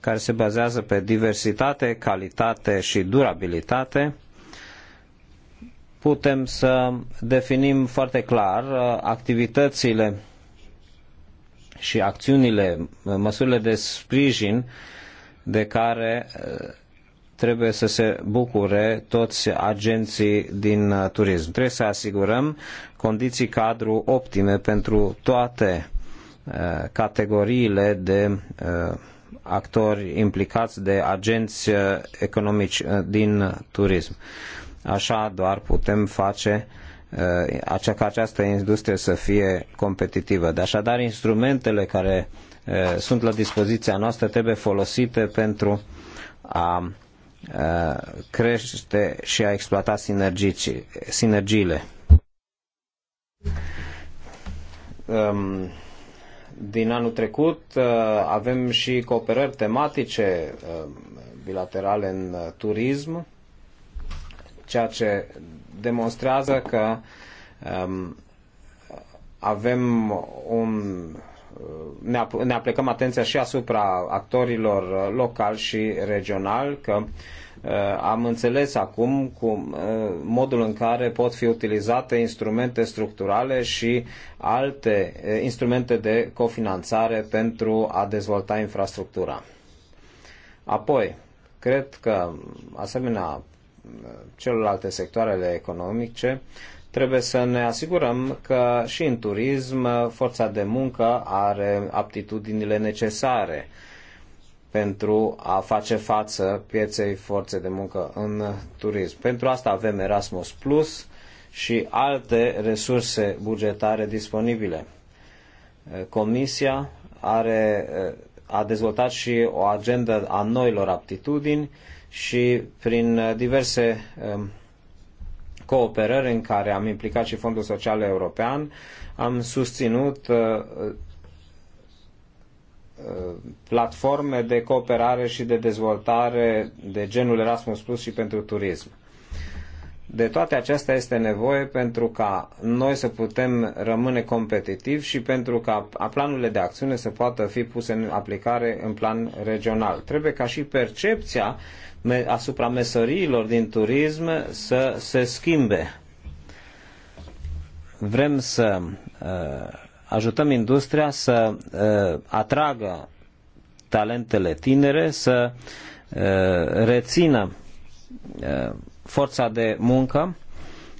care se bazează pe diversitate, calitate și durabilitate, putem să definim foarte clar uh, activitățile și acțiunile, măsurile de sprijin de care eh, trebuie să se bucure toți agenții din eh, turism. Trebuie să asigurăm condiții cadru optime pentru toate eh, categoriile de actori implicați de agenți economici din turism. Așa doar putem face Uh, ca această industrie să fie competitivă. De așadar, instrumentele care uh, sunt la dispoziția noastră trebuie folosite pentru a uh, crește și a exploata sinergii, sinergiile. Um, din anul trecut avem și cooperări tematice bilaterale în turism, ceea ce demonstrează că um, avem un ne, ap- ne aplicăm atenția și asupra actorilor locali și regionali, că uh, am înțeles acum cum, uh, modul în care pot fi utilizate instrumente structurale și alte uh, instrumente de cofinanțare pentru a dezvolta infrastructura. Apoi, cred că asemenea celelalte sectoarele economice, trebuie să ne asigurăm că și în turism forța de muncă are aptitudinile necesare pentru a face față pieței forțe de muncă în turism. Pentru asta avem Erasmus Plus și alte resurse bugetare disponibile. Comisia are, a dezvoltat și o agendă a noilor aptitudini și prin uh, diverse um, cooperări în care am implicat și Fondul Social European, am susținut uh, uh, platforme de cooperare și de dezvoltare de genul Erasmus Plus și pentru turism. De toate acestea este nevoie pentru ca noi să putem rămâne competitivi și pentru ca planurile de acțiune să poată fi puse în aplicare în plan regional. Trebuie ca și percepția asupra mesăriilor din turism să se schimbe. Vrem să uh, ajutăm industria să uh, atragă talentele tinere, să uh, rețină forța de muncă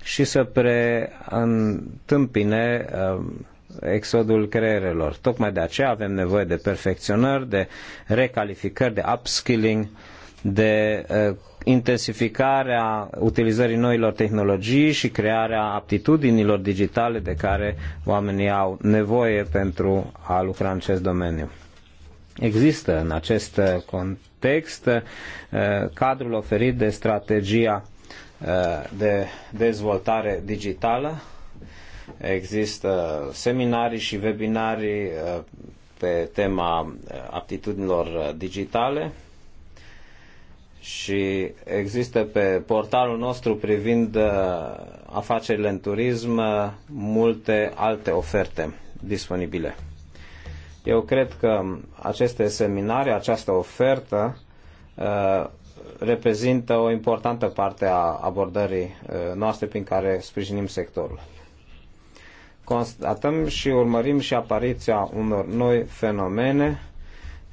și să preîntâmpine exodul creierelor. Tocmai de aceea avem nevoie de perfecționări, de recalificări, de upskilling de eh, intensificarea utilizării noilor tehnologii și crearea aptitudinilor digitale de care oamenii au nevoie pentru a lucra în acest domeniu. Există în acest context eh, cadrul oferit de strategia eh, de dezvoltare digitală. Există seminarii și webinarii pe tema aptitudinilor digitale și există pe portalul nostru privind uh, afacerile în turism uh, multe alte oferte disponibile. Eu cred că aceste seminare, această ofertă uh, reprezintă o importantă parte a abordării noastre prin care sprijinim sectorul. Constatăm și urmărim și apariția unor noi fenomene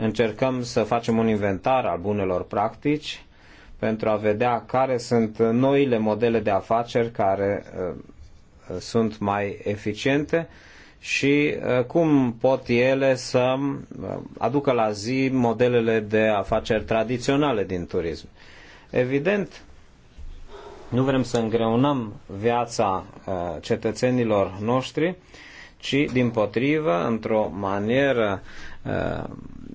Încercăm să facem un inventar al bunelor practici pentru a vedea care sunt noile modele de afaceri care uh, uh, sunt mai eficiente și uh, cum pot ele să aducă la zi modelele de afaceri tradiționale din turism. Evident, nu vrem să îngreunăm viața cetățenilor noștri, ci, din potrivă, într-o manieră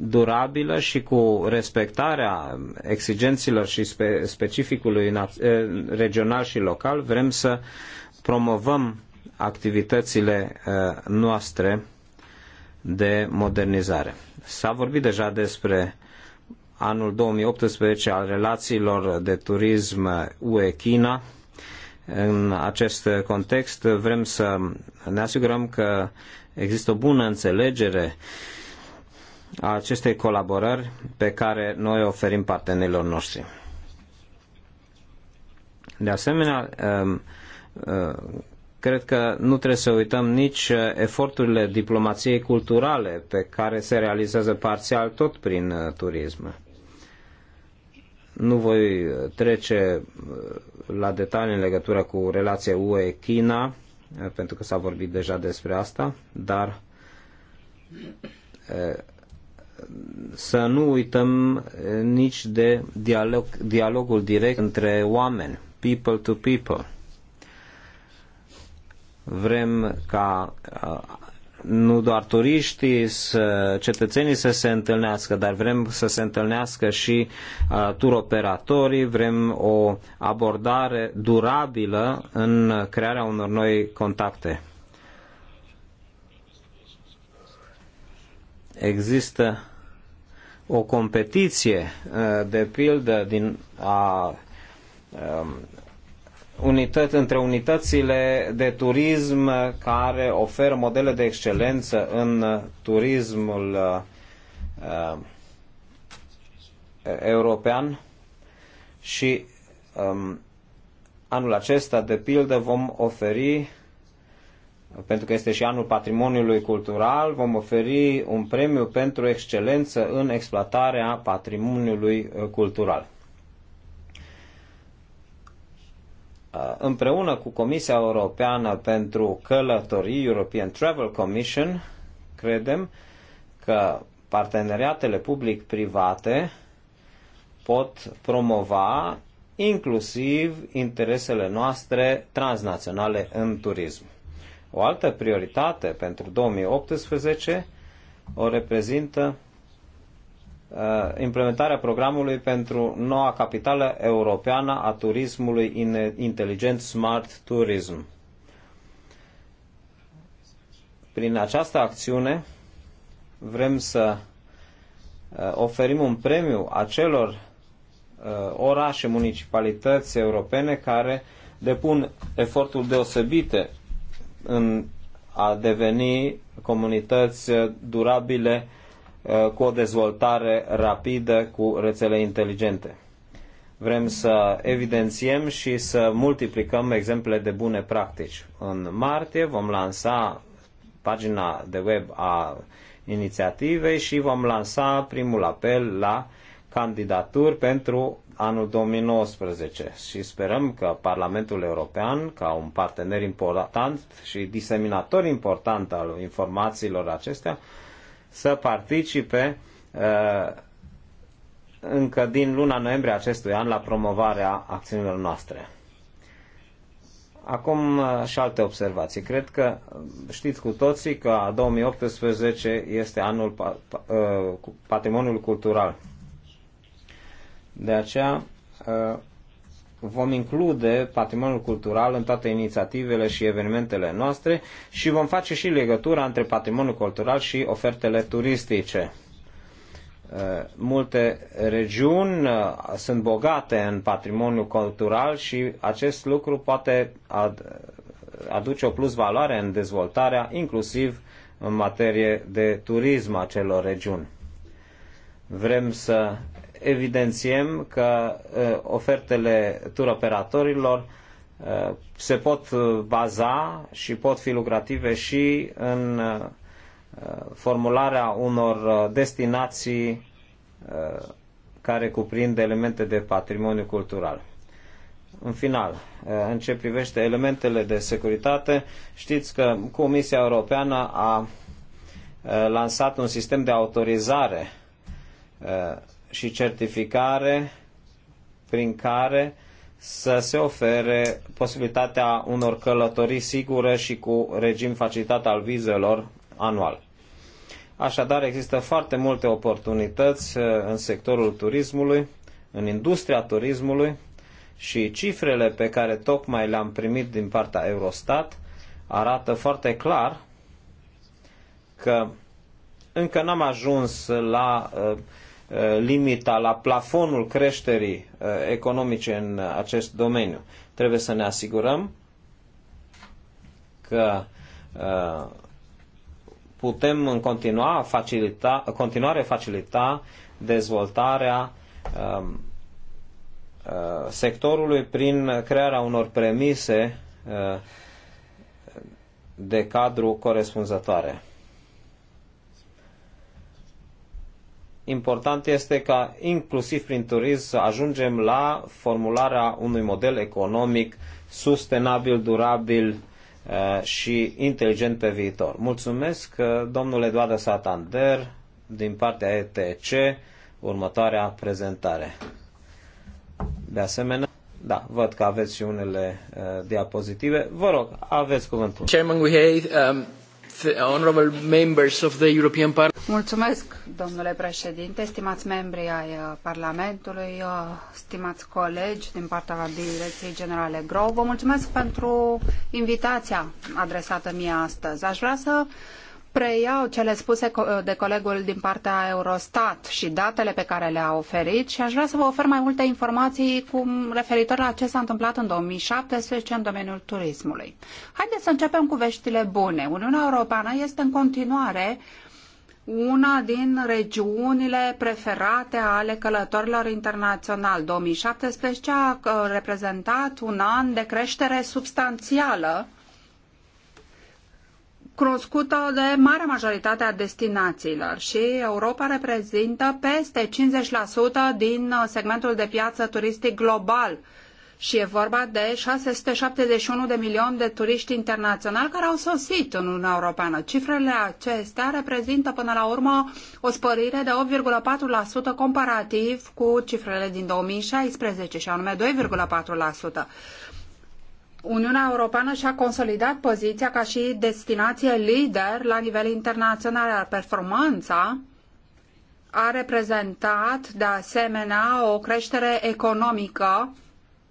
durabilă și cu respectarea exigenților și spe, specificului eh, regional și local, vrem să promovăm activitățile eh, noastre de modernizare. S-a vorbit deja despre anul 2018 al relațiilor de turism UE-China. În acest context vrem să ne asigurăm că există o bună înțelegere uh, a acestei colaborări pe care noi o oferim partenerilor noștri. De asemenea, um, uh, cred că nu trebuie să uităm nici uh, eforturile diplomației culturale pe care se realizează parțial tot prin uh, turism. Nu voi trece la detalii în legătură cu relația UE-China, pentru că s-a vorbit deja despre asta, dar să nu uităm nici de dialog, dialogul direct între oameni, people to people. Vrem ca nu doar turiștii, să, cetățenii să se întâlnească, dar vrem să se întâlnească și uh, turoperatorii, vrem o abordare durabilă în crearea unor noi contacte. Există o competiție, uh, de pildă, din a um, unități, între unitățile de turism care oferă modele de excelență în turismul uh, uh european și um, anul acesta, de pildă, vom oferi pentru că este și anul patrimoniului cultural, vom oferi un premiu pentru excelență în exploatarea patrimoniului uh, cultural. Uh, împreună cu Comisia Europeană pentru Călătorii, European Travel Commission, credem că parteneriatele public-private pot promova inclusiv interesele noastre transnaționale în turism. O altă prioritate pentru 2018 o reprezintă uh, implementarea programului pentru noua capitală europeană a turismului inteligent Smart Tourism. Prin această acțiune vrem să uh, oferim un premiu acelor uh, orașe, municipalități europene care depun eforturi deosebite în a deveni comunități durabile eh, cu o dezvoltare rapidă cu rețele inteligente. Vrem să evidențiem și să multiplicăm exemple de bune practici. În martie vom lansa pagina de web a inițiativei și vom lansa primul apel la candidaturi pentru anul 2019 și sperăm că Parlamentul European, ca un partener important și diseminator important al informațiilor acestea, să participe uh, încă din luna noiembrie acestui an la promovarea acțiunilor noastre. Acum uh, și alte observații. Cred că uh, știți cu toții că 2018 este anul patrimoniului cultural de aceea uh, vom include patrimoniul cultural în toate inițiativele și evenimentele noastre și vom face și legătura între patrimoniul cultural și ofertele turistice. Uh, multe regiuni uh, sunt bogate în patrimoniu cultural și acest lucru poate aduce o plus valoare în dezvoltarea, inclusiv în materie de turism a celor regiuni. Vrem să evidențiem că ofertele turoperatorilor se pot baza și pot fi lucrative și în formularea unor destinații care cuprind elemente de patrimoniu cultural. În final, în ce privește elementele de securitate, știți că Comisia Europeană a lansat un sistem de autorizare și certificare prin care să se ofere posibilitatea unor călătorii sigure și cu regim facilitat al vizelor anual. Așadar, există foarte multe oportunități uh, în sectorul turismului, în industria turismului și cifrele pe care tocmai le-am primit din partea Eurostat arată foarte clar că încă n-am ajuns la uh, Uh, limita, la plafonul creșterii uh, economice în acest domeniu. Trebuie să ne asigurăm că uh, putem în continua facilita, continuare facilita dezvoltarea um, sectorului prin crearea unor premise de cadru corespunzătoare. important este ca inclusiv prin turism să ajungem la formularea unui model economic sustenabil, durabil uh, și inteligent pe viitor. Mulțumesc, uh, domnul Eduardo Santander, din partea ETC, următoarea prezentare. De asemenea, da, văd că aveți și unele uh, diapozitive. Vă rog, aveți cuvântul. Chairman, we um honorable members of the European Parliament. Mulțumesc, domnule președinte, stimați membri ai uh, Parlamentului, uh, stimați colegi din partea Direcției Generale Grow. Vă mulțumesc pentru invitația adresată mie astăzi. Aș vrea să preiau cele spuse de colegul din partea Eurostat și datele pe care le-a oferit și aș vrea să vă ofer mai multe informații cu referitor la ce s-a întâmplat în 2017 în domeniul turismului. Haideți să începem cu veștile bune. Uniunea Europeană este în continuare una din regiunile preferate ale călătorilor internaționali. 2017 a reprezentat un an de creștere substanțială uh, cunoscută de marea majoritate a destinațiilor și Europa reprezintă peste 50% din uh, segmentul de piață turistic global și e vorba de 671 de milioane de turiști internaționali care au sosit în Uniunea Europeană. Cifrele acestea reprezintă până la urmă o spărire de 8,4% comparativ cu cifrele din 2016 și anume 2,4%. Uniunea Europeană și-a consolidat poziția ca și destinație lider la nivel internațional, iar performanța a reprezentat de asemenea o creștere economică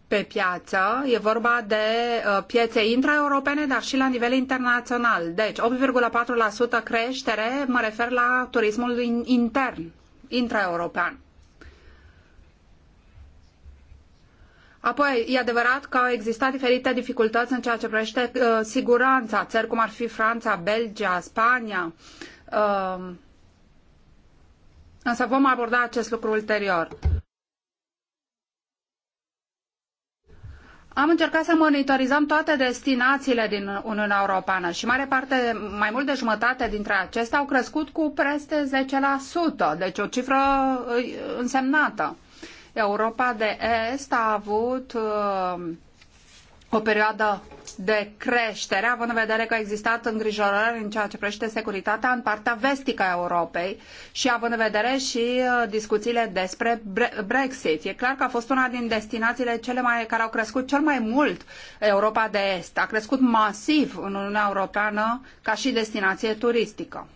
pe piață. E vorba de uh, piețe intraeuropene, dar și la nivel internațional. Deci, 8,4% creștere, mă refer la turismul intern, intraeuropean. Apoi, e adevărat că au existat diferite dificultăți în ceea ce privește uh, siguranța, țări cum ar fi Franța, Belgia, Spania. Uh, însă vom aborda acest lucru ulterior. Am încercat să monitorizăm toate destinațiile din Uniunea Europeană și mare parte, mai mult de jumătate dintre acestea au crescut cu peste 10%, deci o cifră uh, însemnată. Europa de Est a avut uh, o perioadă de creștere, având în vedere că a existat îngrijorări în ceea ce privește securitatea în partea vestică a Europei și având în vedere și uh, discuțiile despre Brexit. E clar că a fost una din destinațiile cele mai, care au crescut cel mai mult Europa de Est. A crescut masiv în Uniunea Europeană ca și destinație turistică.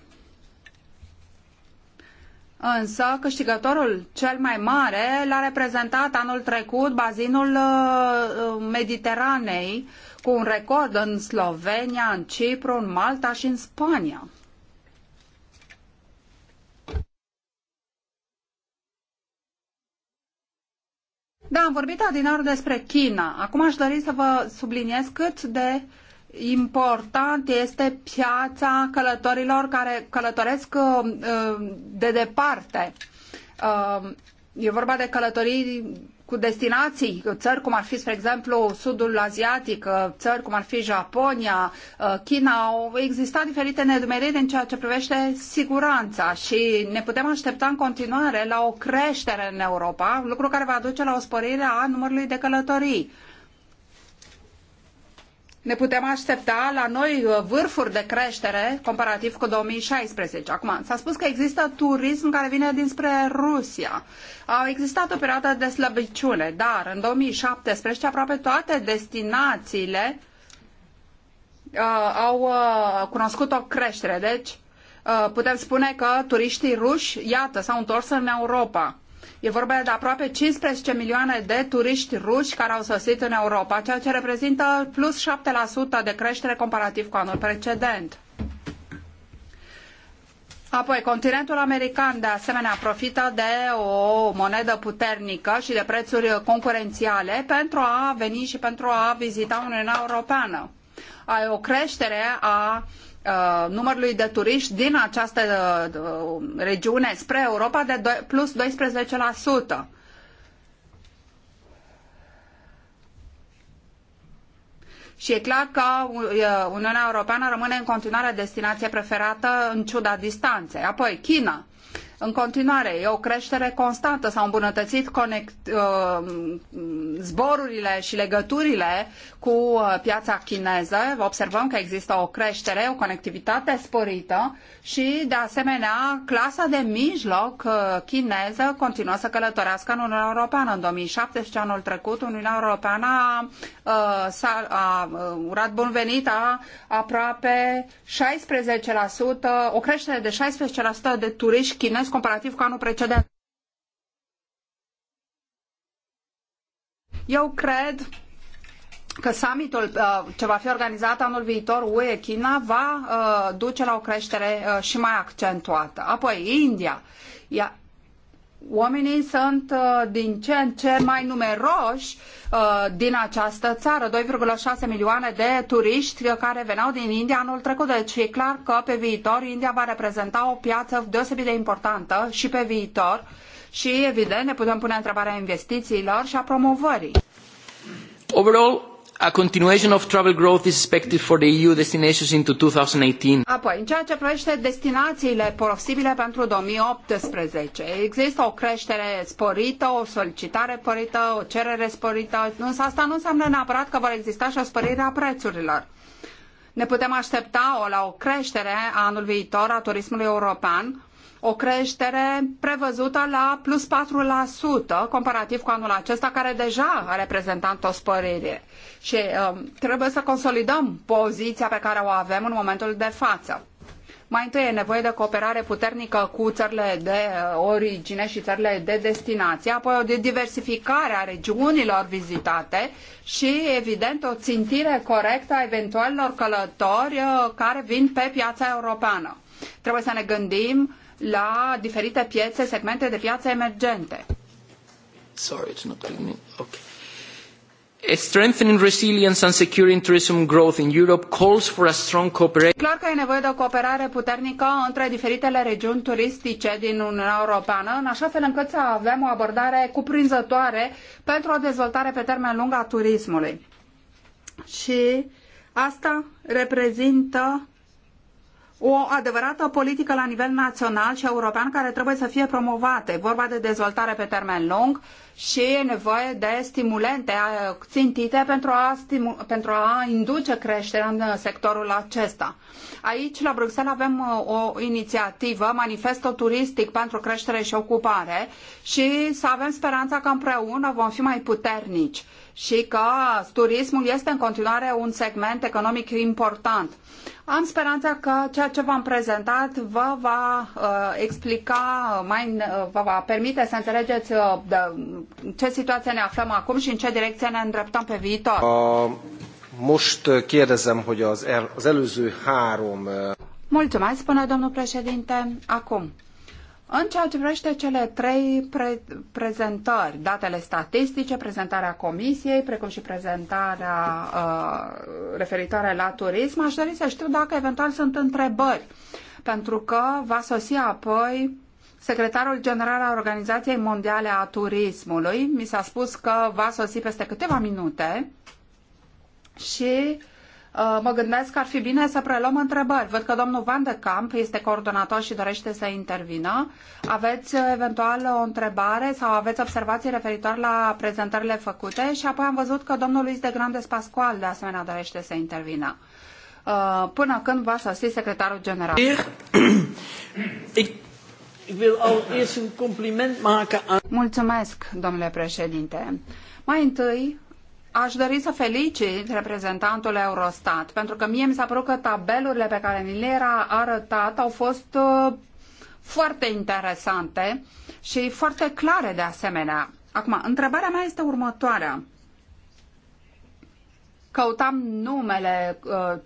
Însă câștigătorul cel mai mare l-a reprezentat anul trecut bazinul uh, uh, Mediteranei cu un record în Slovenia, în Cipru, în Malta și în Spania. Da, am vorbit adinar despre China. Acum aș dori să vă subliniez cât de uh, important este piața călătorilor care călătoresc uh, uh, de departe. Uh, e vorba de călătorii cu destinații, țări cum ar fi, spre exemplu, Sudul Asiatic, țări cum ar fi Japonia, China, au existat diferite nedumeriri în ceea ce privește siguranța și ne putem aștepta în continuare la o creștere în Europa, lucru care va duce la o sporire a numărului de călătorii ne putem aștepta la noi uh, vârfuri de creștere comparativ cu 2016. Acum, s-a spus că există turism care vine dinspre Rusia. A existat o perioadă de slăbiciune, dar în 2017 aproape toate destinațiile uh, au uh, cunoscut o creștere. Deci, uh, putem spune că turiștii ruși, iată, s-au întors în Europa. E vorba de aproape 15 milioane de turiști ruși care au sosit în Europa, ceea ce reprezintă plus 7% de creștere comparativ cu anul precedent. Apoi, continentul american, de asemenea, profită de o monedă puternică și de prețuri concurențiale pentru a veni și pentru a vizita Uniunea Europeană. Ai o creștere a Uh, numărului de turiști din această uh, regiune spre Europa de plus 12%. Și e clar că uh, Uniunea Europeană rămâne în continuare destinație preferată în ciuda distanței. Apoi China. În continuare, e o creștere constantă, s-au îmbunătățit conect, uh, zborurile și legăturile cu uh, piața chineză. Observăm că există o creștere, o conectivitate sporită și, de asemenea, clasa de mijloc uh, chineză continuă să călătorească în Uniunea Europeană. În 2017, anul trecut, Uniunea Europeană a, a, a urat bun venit a aproape 16%, o creștere de 16% de turiști chinezi crescut comparativ cu anul precedent. Eu cred că summitul uh, ce va fi organizat anul viitor UE-China va uh, duce la o creștere uh, și mai accentuată. Apoi, India oamenii sunt uh, din ce în ce mai numeroși uh, din această țară. 2,6 milioane de turiști care veneau din India anul trecut. Deci e clar că pe viitor India va reprezenta o piață deosebit de importantă și pe viitor. Și evident ne putem pune întrebarea investițiilor și a promovării. Overall, a continuation of travel growth is expected for the EU destinations into 2018. Apoi, în ceea ce privește destinațiile posibile pentru 2018, există o creștere sporită, o solicitare sporită, o cerere sporită, însă asta nu înseamnă neapărat că vor exista și o sporire a prețurilor. Ne putem aștepta o, la o creștere a anul viitor a turismului european, o creștere prevăzută la plus 4% comparativ cu anul acesta, care deja a reprezentat o spărire. Și um, trebuie să consolidăm poziția pe care o avem în momentul de față. Mai întâi e nevoie de cooperare puternică cu țările de uh, origine și țările de destinație, apoi o de diversificare a regiunilor vizitate și, evident, o țintire corectă a eventualilor călători uh, care vin pe piața europeană. Trebuie să ne gândim la diferite piețe, segmente de piață emergente. Sorry, it's not me. Okay. A strengthening resilience and securing tourism growth in Europe calls for a strong cooperation. Clar că e nevoie de o cooperare puternică între diferitele regiuni turistice din Uniunea Europeană, în așa fel încât să avem o abordare cuprinzătoare pentru o dezvoltare pe termen lung a turismului. Și asta reprezintă o adevărată politică la nivel național și european care trebuie să fie promovată. E vorba de dezvoltare pe termen lung și e nevoie de stimulente țintite pentru a, pentru a induce creșterea în sectorul acesta. Aici, la Bruxelles, avem uh, o inițiativă, Manifesto Turistic pentru Creștere și Ocupare și să avem speranța că împreună vom fi mai puternici și că turismul este în continuare un segment economic important. Am speranța că ceea ce v-am prezentat vă va uh, explica, mai, uh, vă va permite să înțelegeți uh, de, ce situație ne aflăm acum și în ce direcție ne îndreptăm pe viitor. Uh, most kérdezem, hogy az, el, az előző három... Uh... Mulțumesc, spune domnul președinte. Acum, în ceea ce privește cele trei pre- prezentări, datele statistice, prezentarea comisiei, precum și prezentarea uh, referitoare la turism, aș dori să știu dacă eventual sunt întrebări, pentru că va sosi apoi secretarul general al Organizației Mondiale a Turismului. Mi s-a spus că va sosi peste câteva minute și uh, Uh, mă gândesc că ar fi bine să preluăm întrebări. Văd că domnul Van de Camp este coordonator și dorește să intervină. Aveți uh, eventual o întrebare sau aveți observații referitoare la prezentările făcute și apoi am văzut că domnul Luis de Grandes Pascual de asemenea dorește să intervină. Uh, până când va sosi secretarul general. (clears throat) Mulțumesc, domnule președinte. Mai întâi, Aș dori să felicit reprezentantul Eurostat, pentru că mie mi s-a părut că tabelurile pe care ni le-a arătat au fost uh, foarte interesante și foarte clare de asemenea. Acum, întrebarea mea este următoarea. Căutam numele uh,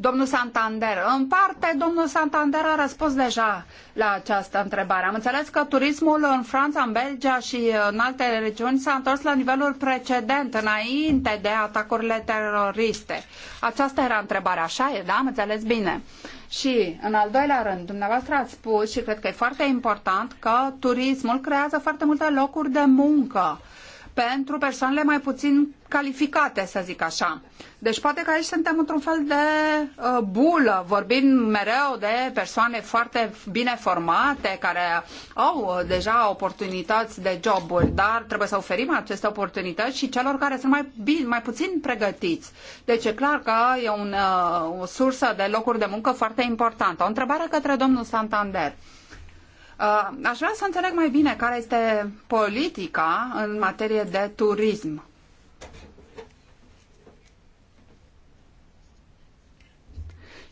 Domnul Santander, în parte, domnul Santander a răspuns deja la această întrebare. Am înțeles că turismul în Franța, în Belgia și în alte regiuni s-a întors la nivelul precedent, înainte de atacurile teroriste. Aceasta era întrebarea, așa e, da? Am înțeles bine. Și, în al doilea rând, dumneavoastră ați spus, și cred că e foarte important, că turismul creează foarte multe locuri de muncă. Uh, pentru persoanele mai puțin calificate, să zic așa. Deci poate că aici suntem într-un fel de uh, bulă, vorbim mereu de persoane foarte bine formate, care au uh, deja oportunități de joburi, dar trebuie să oferim aceste oportunități și celor care sunt mai, bine, mai puțin pregătiți. Deci e clar că e un, uh, o sursă de locuri de muncă foarte importantă. O întrebare către domnul Santander. Uh, Uh, aș vrea să înțeleg mai bine care este politica în materie de turism.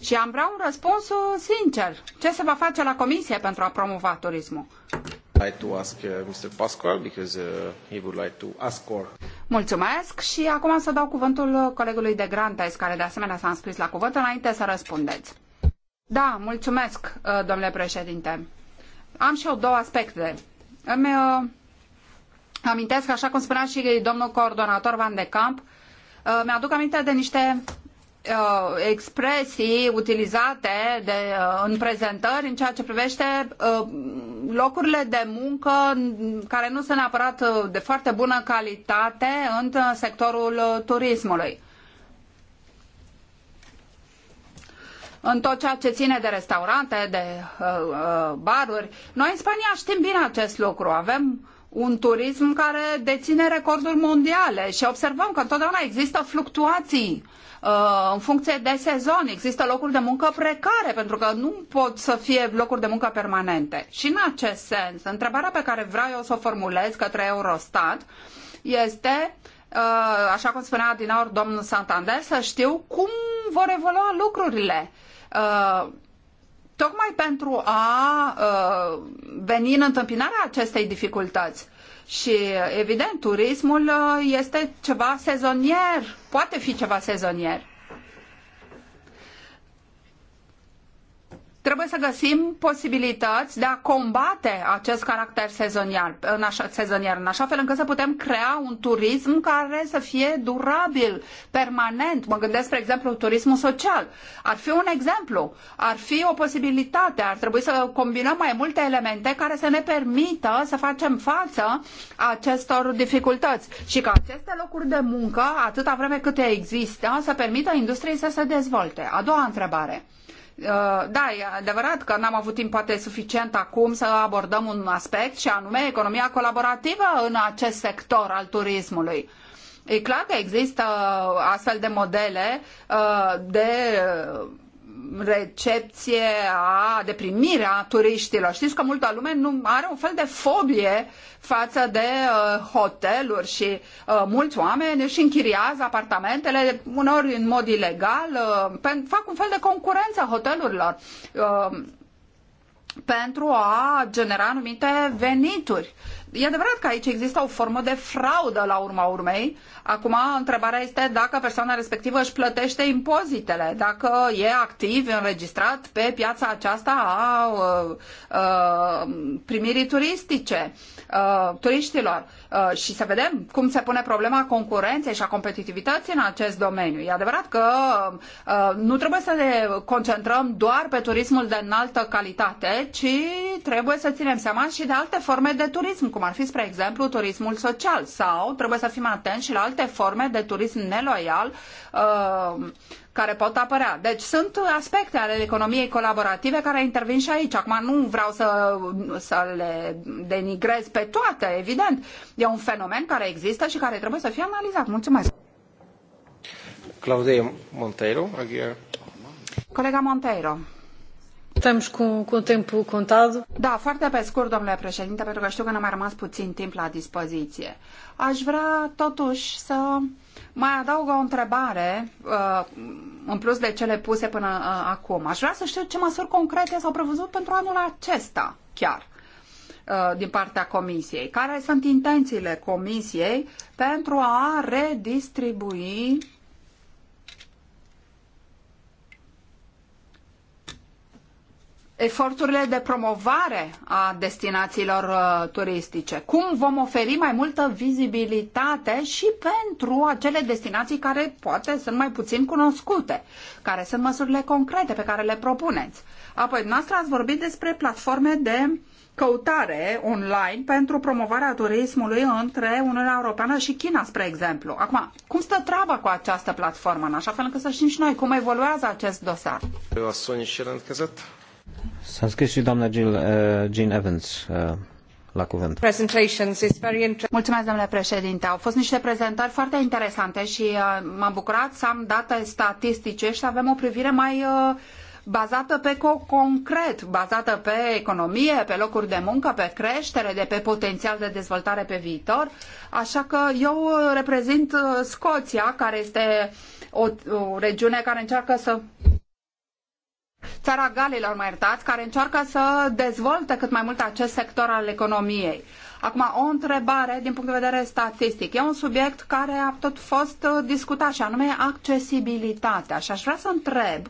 Și am vrea un răspuns uh, sincer. Ce se va face la Comisie pentru a promova turismul? Mulțumesc și acum să dau cuvântul colegului de Grantes, care de asemenea s-a înscris la cuvânt înainte să răspundeți. Da, mulțumesc, uh, domnule președinte. Am și eu două aspecte. Îmi uh, amintesc, așa cum spunea și domnul coordonator Van de Camp, uh, mi-aduc aminte de niște uh, expresii utilizate de, uh, în prezentări în ceea ce privește uh, locurile de muncă care nu sunt neapărat uh, de foarte bună calitate în uh, sectorul uh, turismului. în tot ceea ce ține de restaurante, de uh, uh, baruri. Noi în Spania știm bine acest lucru. Avem un turism care deține recorduri mondiale și observăm că întotdeauna există fluctuații uh, în funcție de sezon. Există locuri de muncă precare pentru că nu pot să fie locuri de muncă permanente. Și în acest sens, întrebarea pe care vreau eu să o formulez către Eurostat este uh, așa cum spunea din aur domnul Santander, să știu cum vor evolua lucrurile Uh, tocmai pentru a uh, veni în întâmpinarea acestei dificultăți. Și, evident, turismul uh, este ceva sezonier, poate fi ceva sezonier. Trebuie să găsim posibilități de a combate acest caracter sezonial, în așa, sezonier, în așa fel încât să putem crea un turism care să fie durabil, permanent. Mă gândesc, spre exemplu, turismul social. Ar fi un exemplu, ar fi o posibilitate, ar trebui să combinăm mai multe elemente care să ne permită să facem față acestor dificultăți și ca aceste locuri de muncă, atâta vreme cât există, să permită industriei să se dezvolte. A doua întrebare. Uh, da, e adevărat că n-am avut timp poate suficient acum să abordăm un aspect și anume economia colaborativă în acest sector al turismului. E clar că există astfel de modele uh, de recepție, a, deprimirea turiștilor. Știți că multă lume nu are un fel de fobie față de uh, hoteluri și uh, mulți oameni își închiriază apartamentele, uneori în mod ilegal, uh, fac un fel de concurență hotelurilor. Uh, pentru a genera anumite venituri. E adevărat că aici există o formă de fraudă la urma urmei. Acum, întrebarea este dacă persoana respectivă își plătește impozitele, dacă e activ înregistrat pe piața aceasta a uh, primirii turistice, uh, turiștilor. Uh, și să vedem cum se pune problema concurenței și a competitivității în acest domeniu. E adevărat că nu trebuie să ne concentrăm doar pe turismul de înaltă calitate, ci trebuie să ținem seama și de alte forme de turism, cum ar fi, spre exemplu, turismul social sau trebuie să fim atenți și la alte forme de turism neloial uh, care pot apărea. Deci sunt aspecte ale economiei colaborative care intervin și aici. Acum nu vreau să, să le denigrez pe toate, evident. E un fenomen care există și care trebuie să fie analizat. Mulțumesc! Claudia Monteiro, Colega Monteiro. Estamos cu, cu timpul contat. Da, foarte pe scurt, domnule președinte, pentru că știu că ne mai rămas puțin timp la dispoziție. Aș vrea totuși să mai adaug o întrebare uh, în plus de cele puse până uh, acum. Aș vrea să știu ce măsuri concrete s-au prevăzut pentru anul acesta chiar uh, din partea comisiei. Care sunt intențiile comisiei pentru a redistribui eforturile de promovare a destinațiilor uh, turistice? Cum vom oferi mai multă vizibilitate și pentru acele destinații care poate sunt mai puțin cunoscute? Care sunt măsurile concrete pe care le propuneți? Apoi, noastră ați vorbit despre platforme de căutare online pentru promovarea turismului între Uniunea Europeană și China, spre exemplu. Acum, cum stă treaba cu această platformă, în așa fel încât să știm și noi cum evoluează acest dosar? Eu S-a înscris și doamna Jill, uh, Jean Evans uh, la cuvânt. Mulțumesc, domnule președinte. Au fost niște prezentări foarte interesante și uh, m-am bucurat să am date statistice și să avem o privire mai uh, bazată pe concret, bazată pe economie, pe locuri de muncă, pe creștere, de pe potențial de dezvoltare pe viitor. Așa că eu uh, reprezint uh, Scoția, care este o, o regiune care încearcă să țara Galilor, mai iertați, care încearcă să dezvolte cât mai mult acest sector al economiei. Acum, o întrebare din punct de vedere statistic. E un subiect care a tot fost uh, discutat și anume accesibilitatea. Și aș vrea să întreb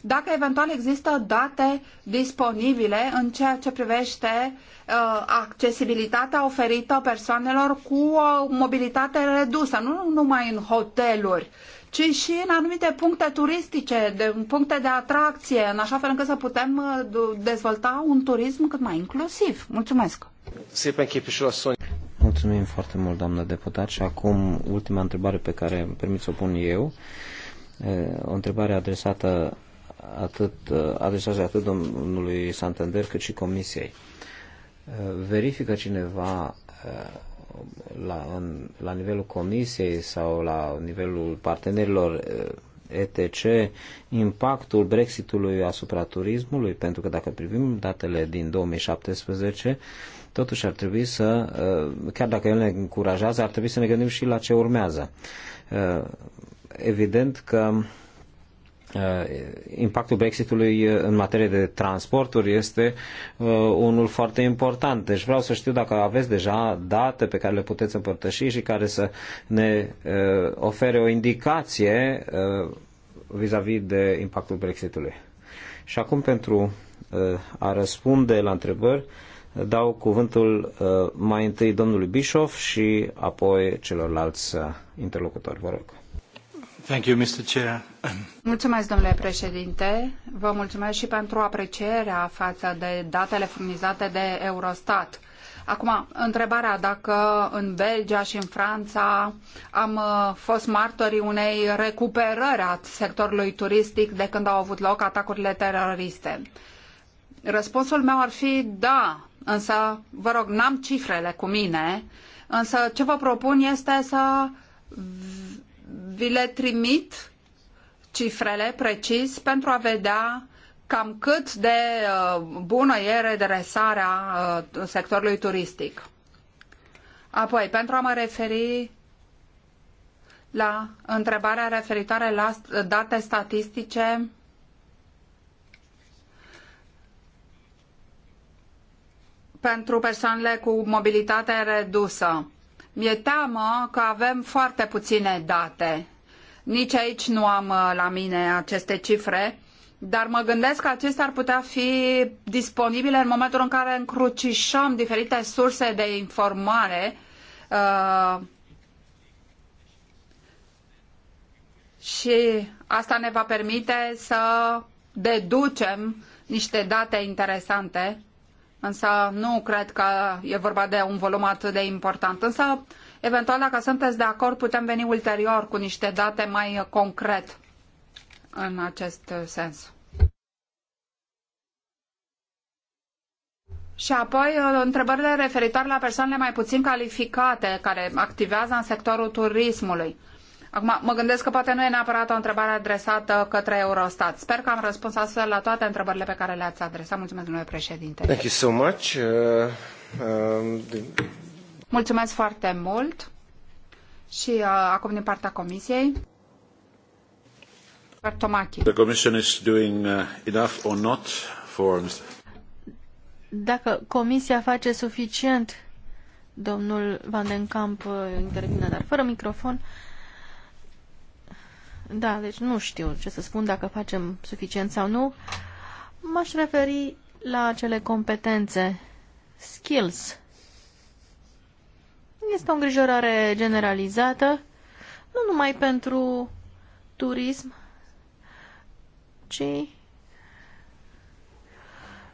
dacă eventual există date disponibile în ceea ce privește uh, accesibilitatea oferită persoanelor cu o uh, mobilitate redusă, nu numai în hoteluri, ci și în anumite puncte turistice, de, puncte de atracție, în așa fel încât să putem uh, dezvolta un turism cât mai inclusiv. Mulțumesc! Mulțumim foarte mult, doamnă deputat. Și acum, ultima întrebare pe care îmi permit să o pun eu, uh, o întrebare adresată atât, uh, adresată atât domnului Santander cât și comisiei. Verifică cineva la, în, la nivelul comisiei sau la nivelul partenerilor ETC eh, impactul Brexitului asupra turismului, pentru că dacă privim datele din 2017, totuși ar trebui să, eh, chiar dacă el ne încurajează, ar trebui să ne gândim și la ce urmează. Eh, evident că Uh, impactul Brexitului uh, în materie de transporturi este uh, unul foarte important. Deci vreau să știu dacă aveți deja date pe care le puteți împărtăși și care să ne ofere o indicație vis-a-vis -vis de impactul Brexitului. Și acum pentru a răspunde la întrebări, dau cuvântul mai întâi domnului Bischoff și apoi celorlalți interlocutori. Vă rog domnule președinte. Vă mulțumesc și pentru aprecierea față de datele furnizate de Eurostat. Acum, întrebarea dacă în Belgia și în Franța am uh, fost martorii unei recuperări a sectorului turistic de când au avut loc atacurile teroriste. Răspunsul meu ar fi da, însă vă rog, n-am cifrele cu mine, însă ce vă propun este să vi le trimit cifrele precis pentru a vedea cam cât de uh, bună e redresarea uh, sectorului turistic. Apoi, pentru a mă referi la întrebarea referitoare la uh, date statistice, pentru persoanele cu mobilitate redusă. Mi-e teamă că avem foarte puține date nici aici nu am uh, la mine aceste cifre, dar mă gândesc că acestea ar putea fi disponibile în momentul în care încrucișăm diferite surse de informare uh, și asta ne va permite să deducem niște date interesante, însă nu cred că e vorba de un volum atât de important. Însă Eventual, dacă sunteți de acord, putem veni ulterior cu niște date mai concret în acest sens. Și apoi uh, întrebările referitoare la persoanele mai puțin calificate care activează în sectorul turismului. Acum, mă gândesc că poate nu e neapărat o întrebare adresată către Eurostat. Sper că am răspuns astfel la toate întrebările pe care le-ați adresat. Mulțumesc, domnule președinte. Thank you so much. Uh, uh, Mulțumesc foarte mult și uh, acum din partea Comisiei. The Commission is doing uh, enough or not for Dacă Comisia face suficient, domnul Van den Kamp uh, intervine, dar fără microfon. Da, deci nu știu ce să spun dacă facem suficient sau nu. M-aș referi la acele competențe, skills, este o îngrijorare generalizată, nu numai pentru turism, ci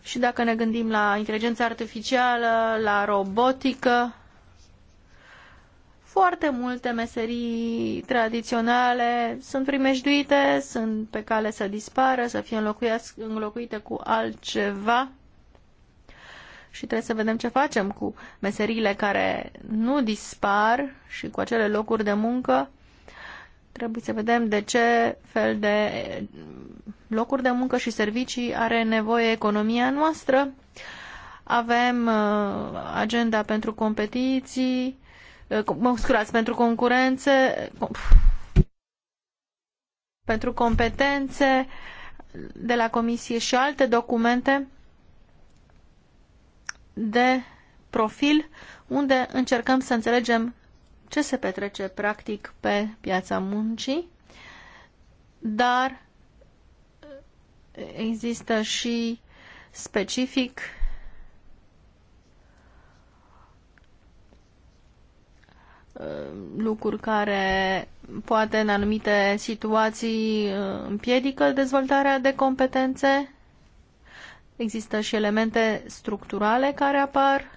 și dacă ne gândim la inteligența artificială, la robotică, foarte multe meserii tradiționale sunt primejduite, sunt pe cale să dispară, să fie înlocuite cu altceva și trebuie să vedem ce facem cu meseriile care nu dispar și cu acele locuri de muncă. Trebuie să vedem de ce fel de eh, locuri de muncă și servicii are nevoie economia noastră. Avem eh, agenda pentru competiții, eh, mă scurați, pentru concurențe, pentru competențe de la Comisie și alte documente de profil unde încercăm să înțelegem ce se petrece practic pe piața muncii, dar eh, există și specific eh, lucruri care poate în anumite situații eh, împiedică dezvoltarea de competențe Există și elemente structurale care apar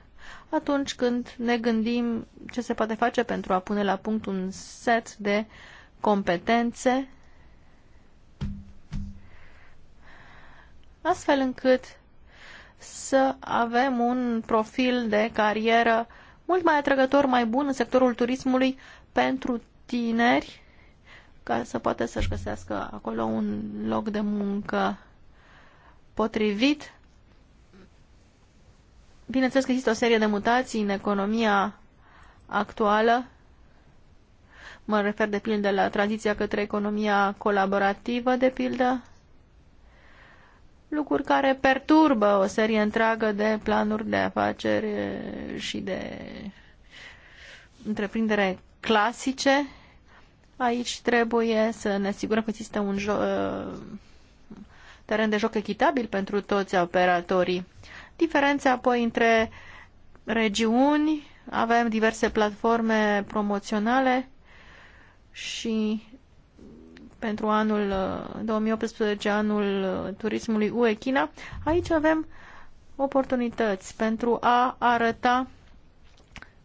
atunci când ne gândim ce se poate face pentru a pune la punct un set de competențe astfel încât să avem un profil de carieră mult mai atrăgător, mai bun în sectorul turismului pentru tineri ca să poată să-și găsească acolo un loc de muncă potrivit. Bineînțeles că există o serie de mutații în economia actuală. Mă refer de pildă la tranziția către economia colaborativă, de pildă, lucruri care perturbă o serie întreagă de planuri de afaceri și de întreprindere clasice. Aici trebuie să ne asigurăm că există un teren de joc echitabil pentru toți operatorii. Diferențe apoi între regiuni, avem diverse platforme promoționale și pentru anul 2018, uh, anul uh, turismului UE China, aici avem oportunități pentru a arăta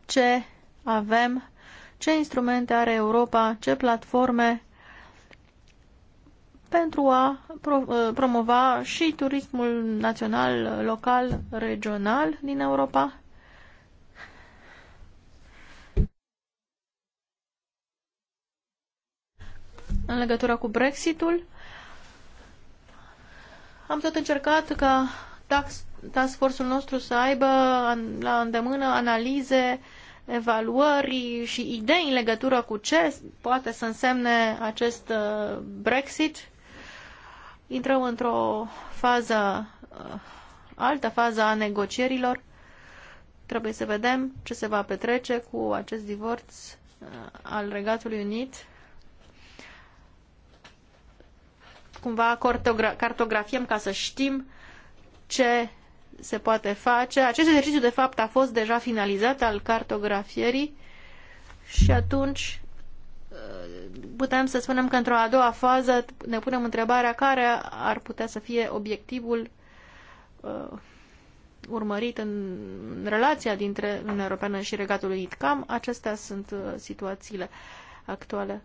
ce avem, ce instrumente are Europa, ce platforme pentru a uh, promova și turismul național, local, regional din Europa. În legătură cu Brexitul, am tot încercat ca task force-ul nostru să aibă la îndemână analize, evaluări și idei în legătură cu ce poate să însemne acest uh, Brexit intrăm într-o fază, uh, altă fază a negocierilor. Trebuie să vedem ce se va petrece cu acest divorț uh, al Regatului Unit. Cumva cartografiem ca să știm ce se poate face. Acest exercițiu, de fapt, a fost deja finalizat al cartografierii și atunci putem să spunem că într-o a doua fază ne punem întrebarea care ar putea să fie obiectivul uh, urmărit în relația dintre Uniunea Europeană și Regatul Unit. Cam acestea sunt uh, situațiile actuale.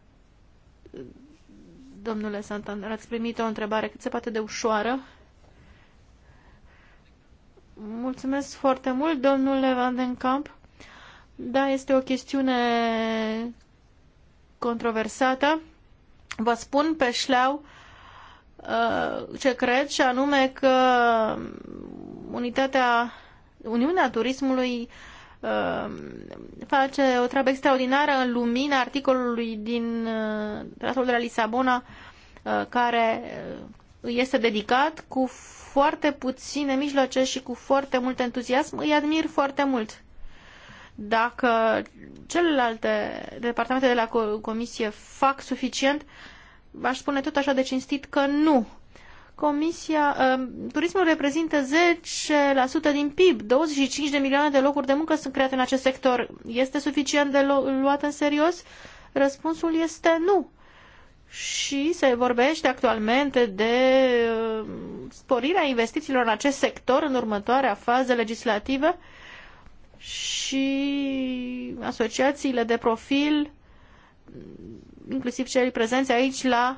Domnule Santander, ați primit o întrebare cât se poate de ușoară. Mulțumesc foarte mult, domnule Van den Camp. Da, este o chestiune controversată. Vă spun pe șleau uh, ce cred și anume că unitatea, Uniunea Turismului uh, face o treabă extraordinară în lumina articolului din uh, Tratatul de la Lisabona care îi este dedicat cu foarte puține mijloace și cu foarte mult entuziasm. Îi admir foarte mult dacă celelalte departamente de la Comisie fac suficient, aș spune tot așa de cinstit că nu. Comisia, uh, turismul reprezintă 10% din PIB, 25 de milioane de locuri de muncă sunt create în acest sector. Este suficient de luat în serios? Răspunsul este nu. Și se vorbește actualmente de uh, sporirea investițiilor în acest sector în următoarea fază legislativă și asociațiile de profil, inclusiv cei prezenți aici la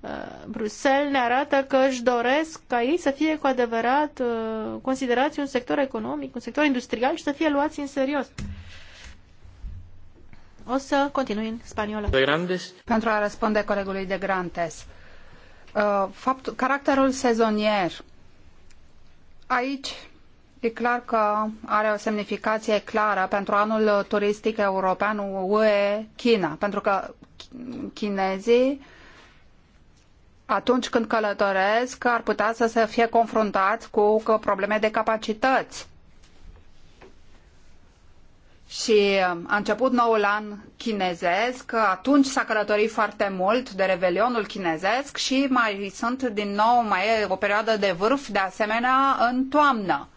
uh, Bruxelles ne arată că își doresc ca ei să fie cu adevărat uh, considerați un sector economic, un sector industrial și să fie luați în serios. O să continui în spaniolă. De Grandes. Pentru a răspunde colegului de Grandes. Uh, Faptul, caracterul sezonier. Aici E clar că are o semnificație clară pentru anul turistic european UE-China, pentru că chinezii atunci când călătoresc ar putea să se fie confruntați cu probleme de capacități. Și a început noul an chinezesc, atunci s-a călătorit foarte mult de revelionul chinezesc și mai sunt din nou mai e o perioadă de vârf de asemenea în toamnă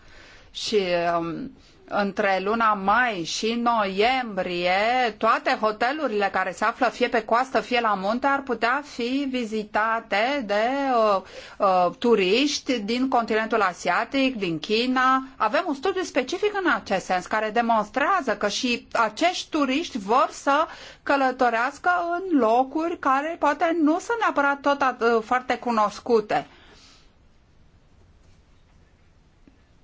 și um, între luna mai și noiembrie, toate hotelurile care se află fie pe coastă, fie la munte, ar putea fi vizitate de uh, uh, turiști din continentul asiatic, din China. Avem un studiu specific în acest sens care demonstrează că și acești turiști vor să călătorească în locuri care poate nu sunt neapărat tot uh, foarte cunoscute.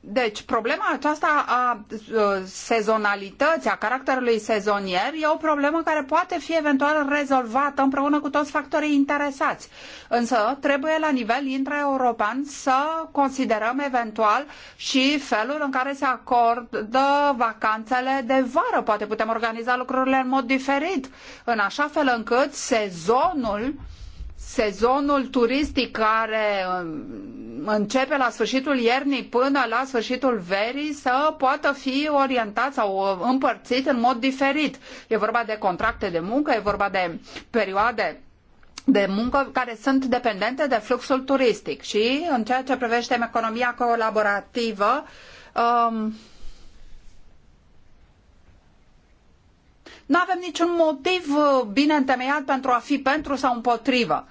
Deci, problema aceasta a sezonalității, a caracterului sezonier, e o problemă care poate fi eventual rezolvată împreună cu toți factorii interesați. Însă, trebuie la nivel intraeuropean să considerăm eventual și felul în care se acordă vacanțele de vară. Poate putem organiza lucrurile în mod diferit, în așa fel încât sezonul sezonul turistic care um, începe la sfârșitul iernii până la sfârșitul verii să poată fi orientat sau uh, împărțit în mod diferit. E vorba de contracte de muncă, e vorba de perioade de muncă care sunt dependente de fluxul turistic și în ceea ce privește economia colaborativă um, nu avem niciun motiv uh, bine întemeiat pentru a fi pentru sau împotrivă.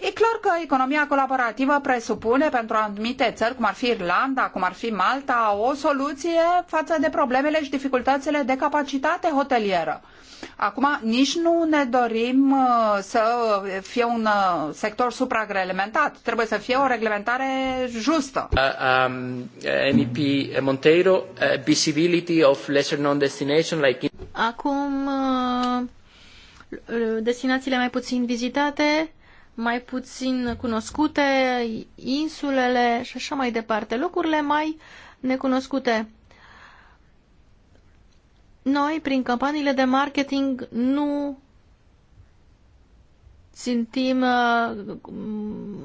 E clar că economia colaborativă presupune pentru anumite țări, cum ar fi Irlanda, cum ar fi Malta, o soluție față de problemele și dificultățile de capacitate hotelieră. Acum, nici nu ne dorim uh, să fie un uh, sector suprareglementat. Trebuie să fie o reglementare justă. Uh, MEP um, Monteiro, visibility of lesser known destination like... Acum, destinațiile mai puțin vizitate, mai puțin cunoscute, insulele și așa mai departe, locurile mai necunoscute. Noi, prin campaniile de marketing, nu țintim uh,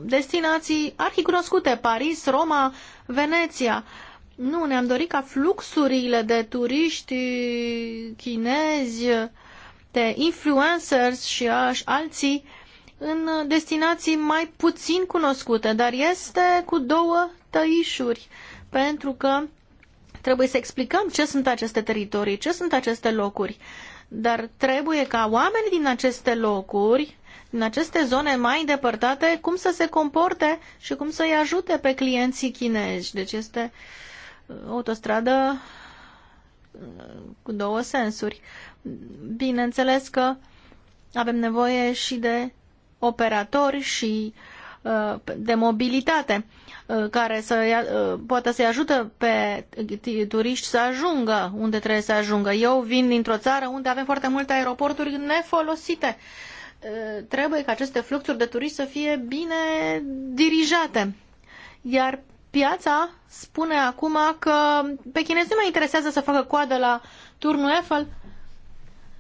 destinații arhicunoscute, Paris, Roma, Veneția. Nu, ne-am dorit ca fluxurile de turiști chinezi, de influencers și alții în destinații mai puțin cunoscute, dar este cu două tăișuri, pentru că trebuie să explicăm ce sunt aceste teritorii, ce sunt aceste locuri, dar trebuie ca oamenii din aceste locuri, din aceste zone mai îndepărtate, cum să se comporte și cum să-i ajute pe clienții chinezi. Deci este o uh, autostradă uh, cu două sensuri. Bineînțeles că avem nevoie și de operatori și uh, de mobilitate uh, care să uh, poată să-i ajută pe turiști să ajungă unde trebuie să ajungă. Eu vin dintr-o țară unde avem foarte multe aeroporturi nefolosite. Trebuie ca aceste fluxuri de turiști să fie bine dirijate. Iar piața spune acum că pe chinezi nu mai interesează să facă coadă la turnul Eiffel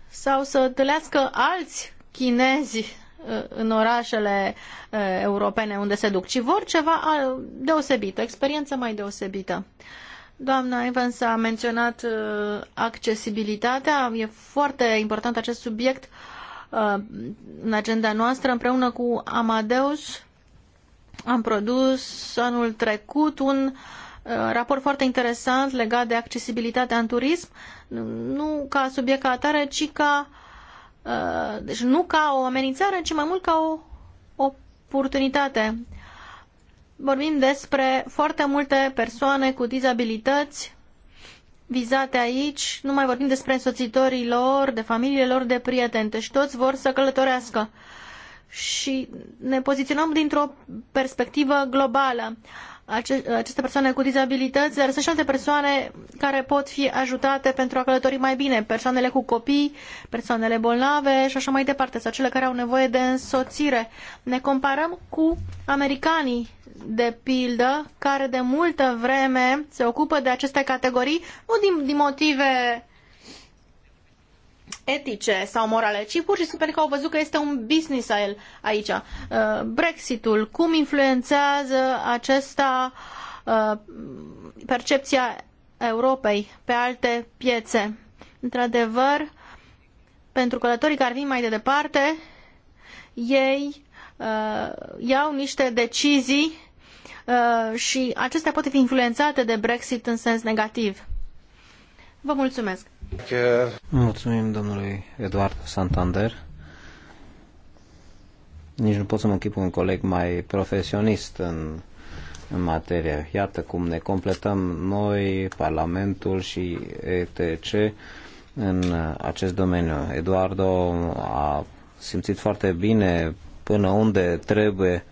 sau să întâlnească alți chinezi în orașele europene unde se duc, ci vor ceva deosebit, o experiență mai deosebită. Doamna Evans a menționat accesibilitatea. E foarte important acest subiect în agenda noastră. Împreună cu Amadeus am produs anul trecut un raport foarte interesant legat de accesibilitatea în turism, nu ca subiect ca atare, ci ca uh, Uh, deci nu ca o amenințare, ci mai mult ca o oportunitate. Vorbim despre foarte multe persoane cu dizabilități vizate aici, nu mai vorbim despre însoțitorii lor, de familiile lor, de prieteni, deci toți vor să călătorească. Și ne poziționăm dintr-o perspectivă globală. Uh, ace aceste persoane cu dizabilități, dar sunt și alte persoane care pot fi ajutate pentru a călători mai bine, persoanele cu copii, persoanele bolnave și așa mai departe, sau cele care au nevoie de însoțire. Ne comparăm cu americanii, de pildă, care de multă vreme se ocupă de aceste categorii, nu din, din motive etice sau morale, ci pur și simplu pentru că au văzut că este un business el aici. Uh, Brexitul, cum influențează acesta uh, percepția Europei pe alte piețe? Într-adevăr, pentru călătorii care vin mai de departe, ei uh, iau niște decizii uh, și acestea pot fi influențate de Brexit în sens negativ. Vă mulțumesc! Mulțumim domnului Eduard Santander. Nici nu pot să mă închip un coleg mai profesionist în, în materie. Iată cum ne completăm noi, Parlamentul și ETC în acest domeniu. Eduardo a simțit foarte bine până unde trebuie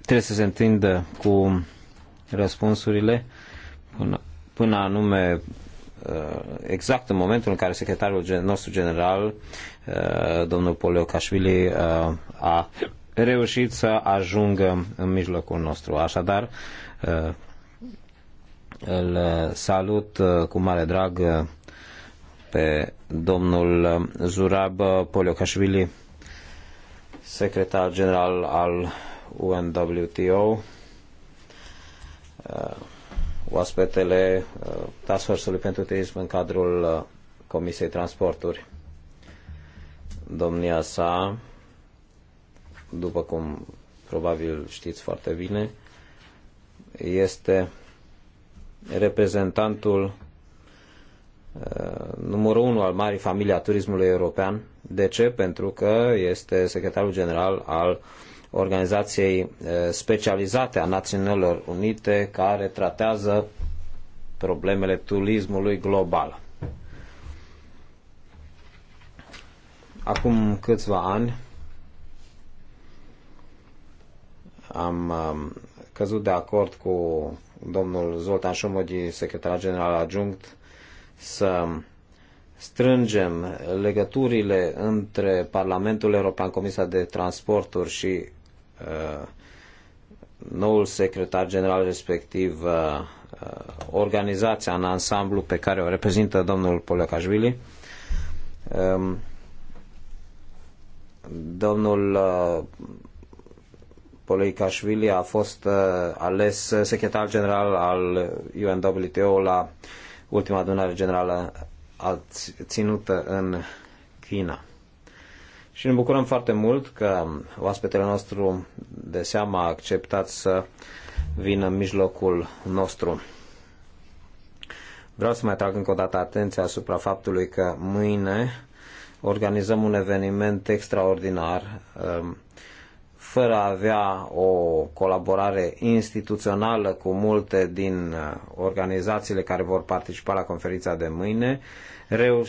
trebuie să se întindă cu răspunsurile până, până anume Uh, exact în momentul în care secretarul nostru general, uh, domnul Cașvili, uh, a reușit să ajungă în mijlocul nostru. Așadar, îl salut cu mare drag pe domnul Zurab Poliocașvili, secretar general al UNWTO oaspetele uh, Task Force-ului pentru turism în cadrul uh, Comisiei Transporturi. Domnia sa, după cum probabil știți foarte bine, este reprezentantul uh, numărul unu al marii familii a turismului european. De ce? Pentru că este secretarul general al uh, organizației eh, specializate a Națiunilor Unite care tratează problemele turismului global. Acum câțiva ani am ehm, căzut de acord cu domnul Zoltan Șomodi, secretar general adjunct, să strângem legăturile între Parlamentul European, Comisia de Transporturi și Uh, noul secretar general respectiv uh, uh, organizația în ansamblu pe care o reprezintă domnul Polecașvili. Um, domnul Polecașvili a fost ales secretar general al UNWTO la ultima adunare generală ținută în China și ne bucurăm foarte mult că oaspetele nostru de seamă a acceptat să vină în mijlocul nostru. Vreau să mai trag încă o dată atenția asupra faptului că mâine organizăm un eveniment extraordinar um, fără a avea o colaborare instituțională cu multe din uh, organizațiile care vor participa la conferința de mâine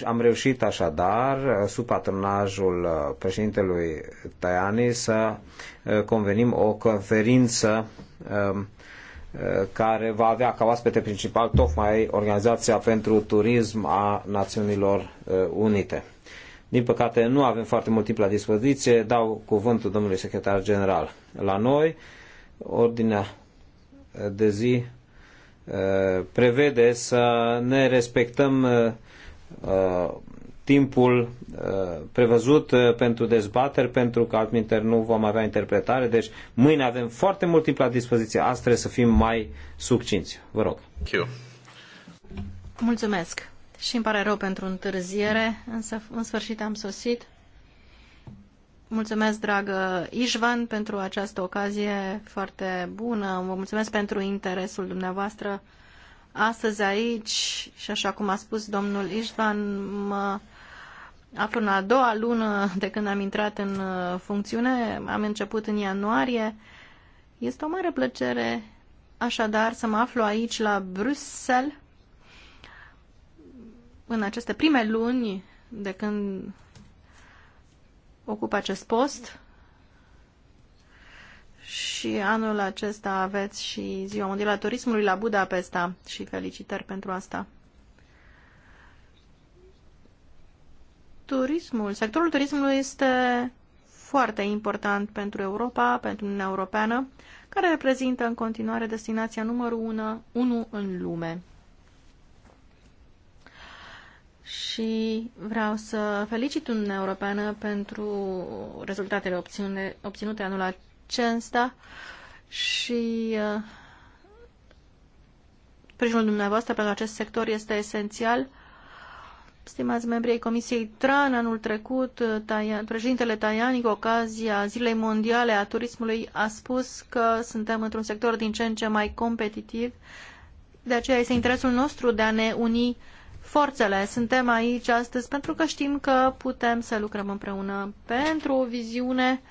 am reușit așadar, uh, sub patronajul uh, președintelui Tajani, să uh, convenim o conferință um, care va avea ca oaspete principal tocmai Organizația pentru Turism a Națiunilor Unite. Din păcate, nu avem foarte mult timp la dispoziție. Dau cuvântul domnului secretar general. La noi, ordinea de zi prevede să ne respectăm Uh, timpul uh, prevăzut uh, pentru dezbateri, pentru că altminteri nu vom avea interpretare. Deci mâine avem foarte mult timp la dispoziție. Astăzi trebuie să fim mai succinți. Vă rog. Mulțumesc. Și îmi pare rău pentru întârziere, însă în sfârșit am sosit. Mulțumesc, dragă Ișvan, pentru această ocazie foarte bună. Vă mulțumesc pentru interesul dumneavoastră astăzi aici și așa cum a spus domnul Ișvan, mă aflu în a doua lună de când am intrat în uh, funcțiune, am început în ianuarie. Este o mare plăcere așadar să mă aflu aici la Bruxelles în aceste prime luni de când ocup acest post și anul acesta aveți și Ziua Mondială a Turismului la Budapesta și felicitări pentru asta. Turismul, sectorul turismului este foarte important pentru Europa, pentru Uniunea Europeană, care reprezintă în continuare destinația numărul 1, 1 în lume. Și vreau să felicit Uniunea Europeană pentru rezultatele obținute anul acesta. Censta și uh, sprijinul dumneavoastră pentru acest sector este esențial. Stimați membrii Comisiei TRAN, anul trecut, uh, Taian, președintele Tajani, cu ocazia Zilei Mondiale a Turismului, a spus că suntem într-un sector din ce în ce mai competitiv. De aceea este interesul nostru de a ne uni forțele. Suntem aici astăzi pentru că știm că putem să lucrăm împreună pentru o viziune uh,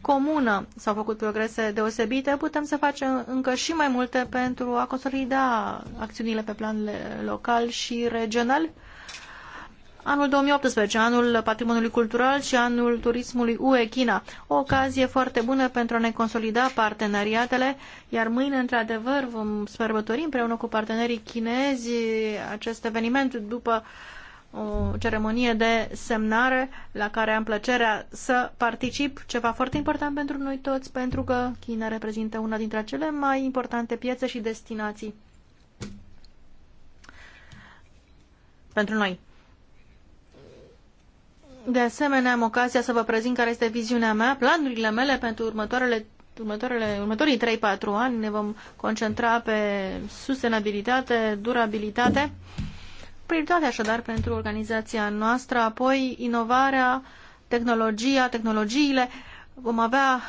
comună s-au făcut progrese deosebite, putem să facem încă și mai multe pentru a consolida acțiunile pe plan local și regional. Anul 2018, anul patrimoniului cultural și anul turismului UE China. O ocazie foarte bună pentru a ne consolida parteneriatele, iar mâine, într-adevăr, vom sărbători împreună cu partenerii chinezi acest eveniment după uh, o ceremonie de semnare la care am plăcerea să particip, ceva foarte important pentru noi toți, pentru că China reprezintă una dintre cele mai importante piețe și destinații pentru noi. De asemenea, am ocazia să vă prezint care este viziunea mea, planurile mele pentru următoarele următoarele, următorii 3-4 ani ne vom concentra pe sustenabilitate, durabilitate. Mm Prioritate așadar pentru organizația noastră, apoi inovarea, tehnologia, tehnologiile. Vom avea,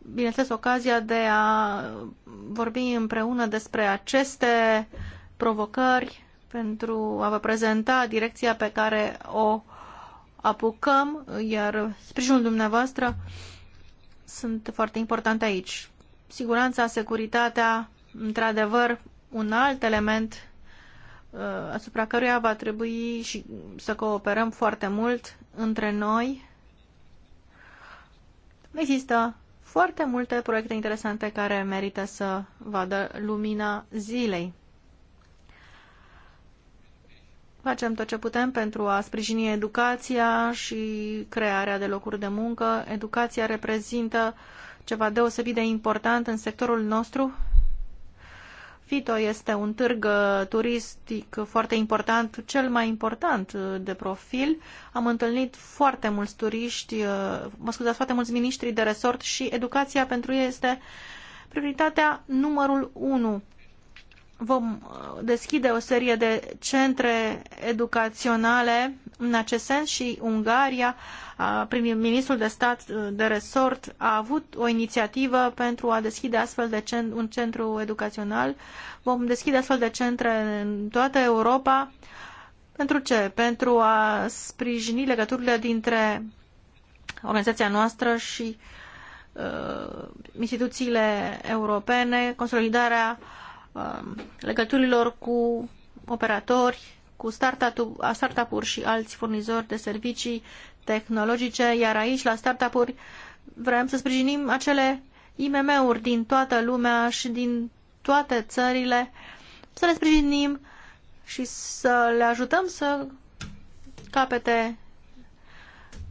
bineînțeles, ocazia de a vorbi împreună despre aceste provocări pentru a vă prezenta direcția pe care o apucăm, iar sprijinul dumneavoastră sunt foarte importante aici. Siguranța, securitatea, într-adevăr, un alt element Uh, asupra căruia va trebui și să cooperăm foarte mult între noi. Există foarte multe proiecte interesante care merită să vadă lumina zilei. Facem tot ce putem pentru a sprijini educația și crearea de locuri de muncă. Educația reprezintă ceva deosebit de important în sectorul nostru FITO este un târg uh, turistic foarte important, cel mai important uh, de profil. Am întâlnit foarte mulți turiști, uh, mă scuzați, foarte mulți miniștri de resort și educația pentru ei este prioritatea numărul 1 vom uh, deschide o serie de centre educaționale în acest sens și Ungaria, prim-ministrul de stat uh, de resort, a avut o inițiativă pentru a deschide astfel de un centru educațional. Vom deschide astfel de centre în toată Europa. Pentru ce? Pentru a sprijini legăturile dintre organizația noastră și uh, instituțiile europene, consolidarea uh, Um, legăturilor cu operatori, cu startup-uri și alți furnizori de servicii tehnologice, iar aici, la startup-uri, vrem să sprijinim acele IMM-uri din toată lumea și din toate țările, să le sprijinim și să le ajutăm să capete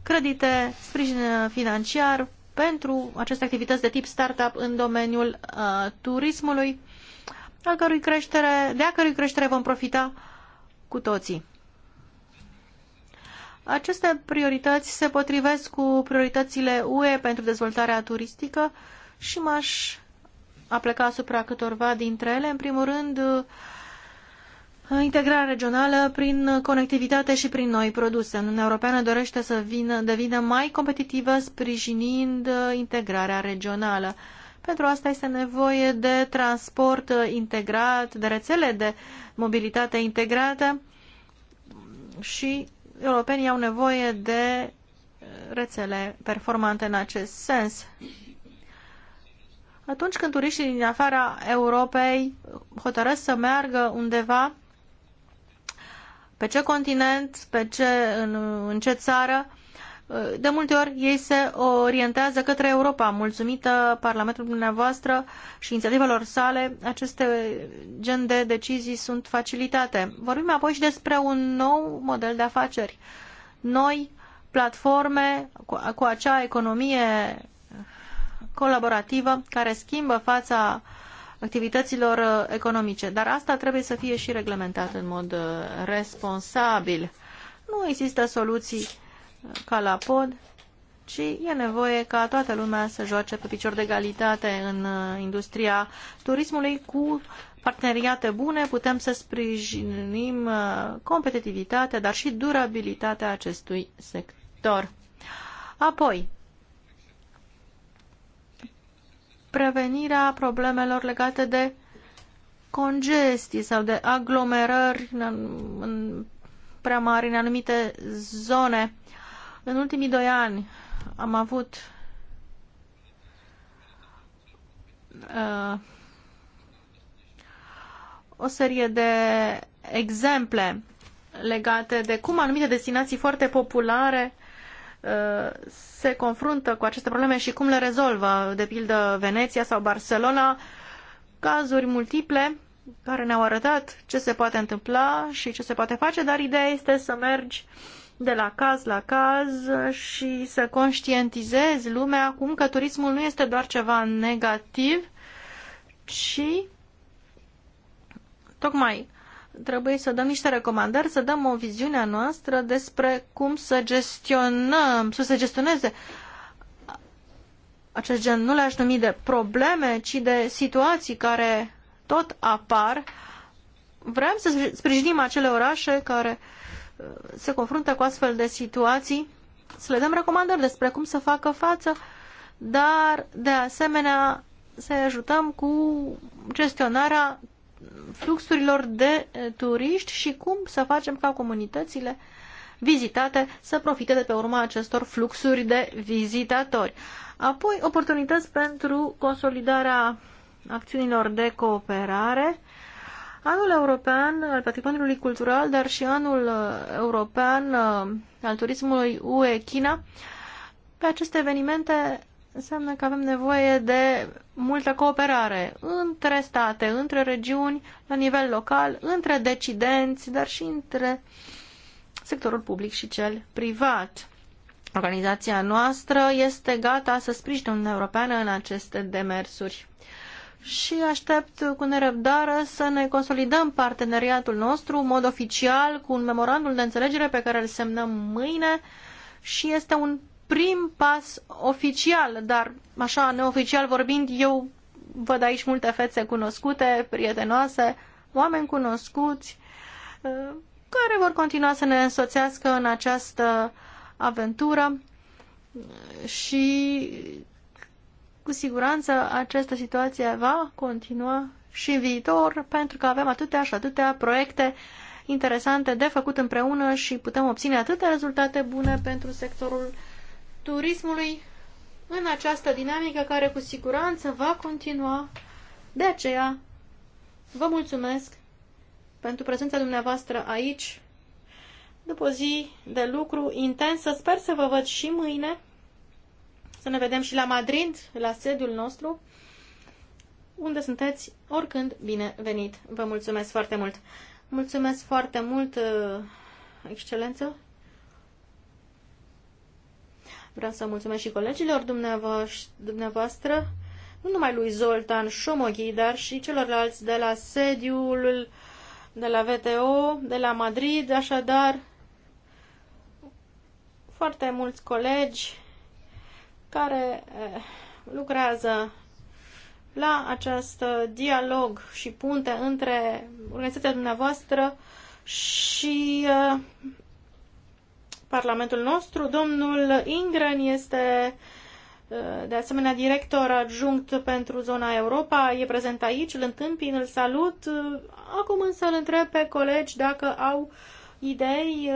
credite, sprijin financiar pentru aceste activități de tip startup în domeniul uh, turismului al cărui creștere, de a cărui creștere vom profita cu toții. Aceste priorități se potrivesc cu prioritățile UE pentru dezvoltarea turistică și m-aș apleca asupra câtorva dintre ele. În primul rând, integrarea regională prin conectivitate și prin noi produse. Uniunea Europeană dorește să vină, devină mai competitivă sprijinind integrarea regională. Pentru asta este nevoie de transport uh, integrat, de rețele de mobilitate integrată și europenii au nevoie de uh, rețele performante în acest sens. Atunci când turiștii din afara Europei hotărăsc să meargă undeva, pe ce continent, pe ce, în, în ce țară, Uh, de multe ori ei se orientează către Europa. Mulțumită Parlamentului dumneavoastră și inițiativelor sale, aceste gen de decizii sunt facilitate. Vorbim apoi și despre un nou model de afaceri. Noi platforme cu, cu acea economie colaborativă care schimbă fața activităților economice. Dar asta trebuie să fie și reglementat în mod uh, responsabil. Nu există soluții ca la pod, ci e nevoie ca toată lumea să joace pe picior de egalitate în uh, industria turismului cu parteneriate bune, putem să sprijinim uh, competitivitatea, dar și durabilitatea acestui sector. Apoi, prevenirea problemelor legate de congestii sau de aglomerări în, prea mari în anumite zone în ultimii doi ani am avut uh, o serie de exemple legate de cum anumite destinații foarte populare uh, se confruntă cu aceste probleme și cum le rezolvă, de pildă Veneția sau Barcelona, cazuri multiple care ne-au arătat ce se poate întâmpla și ce se poate face, dar ideea este să mergi uh, de la caz la caz și să conștientizezi lumea acum că turismul nu este doar ceva negativ, ci tocmai trebuie să dăm niște recomandări, să dăm o viziune a noastră despre cum să gestionăm, să se gestioneze acest gen, nu le-aș numi de probleme, ci de situații care tot apar. Vrem să sprijinim acele orașe care uh, se confruntă cu astfel de situații, să le dăm recomandări despre cum să facă față, dar de asemenea să ajutăm cu gestionarea fluxurilor de turiști și cum să facem ca comunitățile vizitate să profite de pe urma acestor fluxuri de vizitatori. Apoi, oportunități pentru consolidarea acțiunilor de cooperare Anul european al patrimoniului cultural, dar și anul uh, european uh, al turismului UE-China, pe aceste evenimente înseamnă că avem nevoie de multă cooperare între state, între regiuni, la nivel local, între decidenți, dar și între sectorul public și cel privat. Organizația noastră este gata să sprijine Uniunea Europeană în aceste demersuri și aștept cu nerăbdare să ne consolidăm parteneriatul nostru în mod oficial cu un memorandum de înțelegere pe care îl semnăm mâine și este un prim pas oficial, dar așa neoficial vorbind, eu văd aici multe fețe cunoscute, prietenoase, oameni cunoscuți ă, care vor continua să ne însoțească în această aventură și cu siguranță această situație va continua și în viitor, pentru că avem atâtea și atâtea proiecte interesante de făcut împreună și putem obține atâtea rezultate bune pentru sectorul turismului în această dinamică care cu siguranță va continua. De aceea, vă mulțumesc pentru prezența dumneavoastră aici, după zi de lucru intensă. Sper să vă văd și mâine să ne vedem și la Madrid, la sediul nostru, unde sunteți oricând binevenit. Vă mulțumesc foarte mult! Mulțumesc foarte mult, uh, excelență! Vreau să mulțumesc și colegilor dumneavoastră, nu numai lui Zoltan Șomoghi, dar și celorlalți de la sediul de la VTO, de la Madrid, așadar foarte mulți colegi care eh, lucrează la acest dialog și punte între organizația dumneavoastră și eh, Parlamentul nostru. Domnul Ingren este eh, de asemenea director adjunct pentru zona Europa, e prezent aici, îl întâmpin, îl salut. Acum însă îl întreb pe colegi dacă au idei,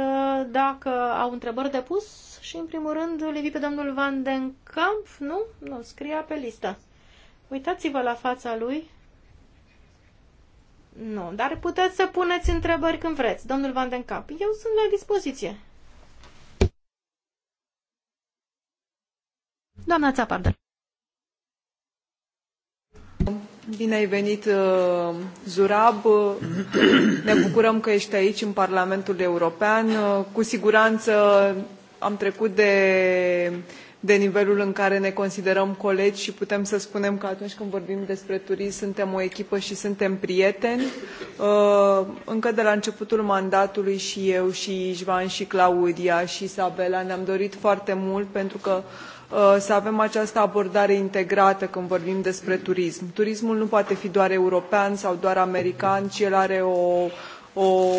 dacă au întrebări de pus și în primul rând îl pe domnul Van den Kamp, nu? Nu, scria pe listă. Uitați-vă la fața lui. Nu, dar puteți să puneți întrebări când vreți, domnul Van den Kamp. Eu sunt la dispoziție. Doamna Țapardă. Bine ai venit, uh, Zurab. Ne bucurăm că ești aici în Parlamentul European. Uh, cu siguranță am trecut de, de nivelul în care ne considerăm colegi și putem să spunem că atunci când vorbim despre turism suntem o echipă și suntem prieteni. Uh, încă de la începutul mandatului și eu și Ivan și Claudia și Isabela ne-am dorit foarte mult pentru că uh, să avem această abordare integrată când vorbim despre turism. Turismul nu poate fi doar european sau doar american, ci el are o, o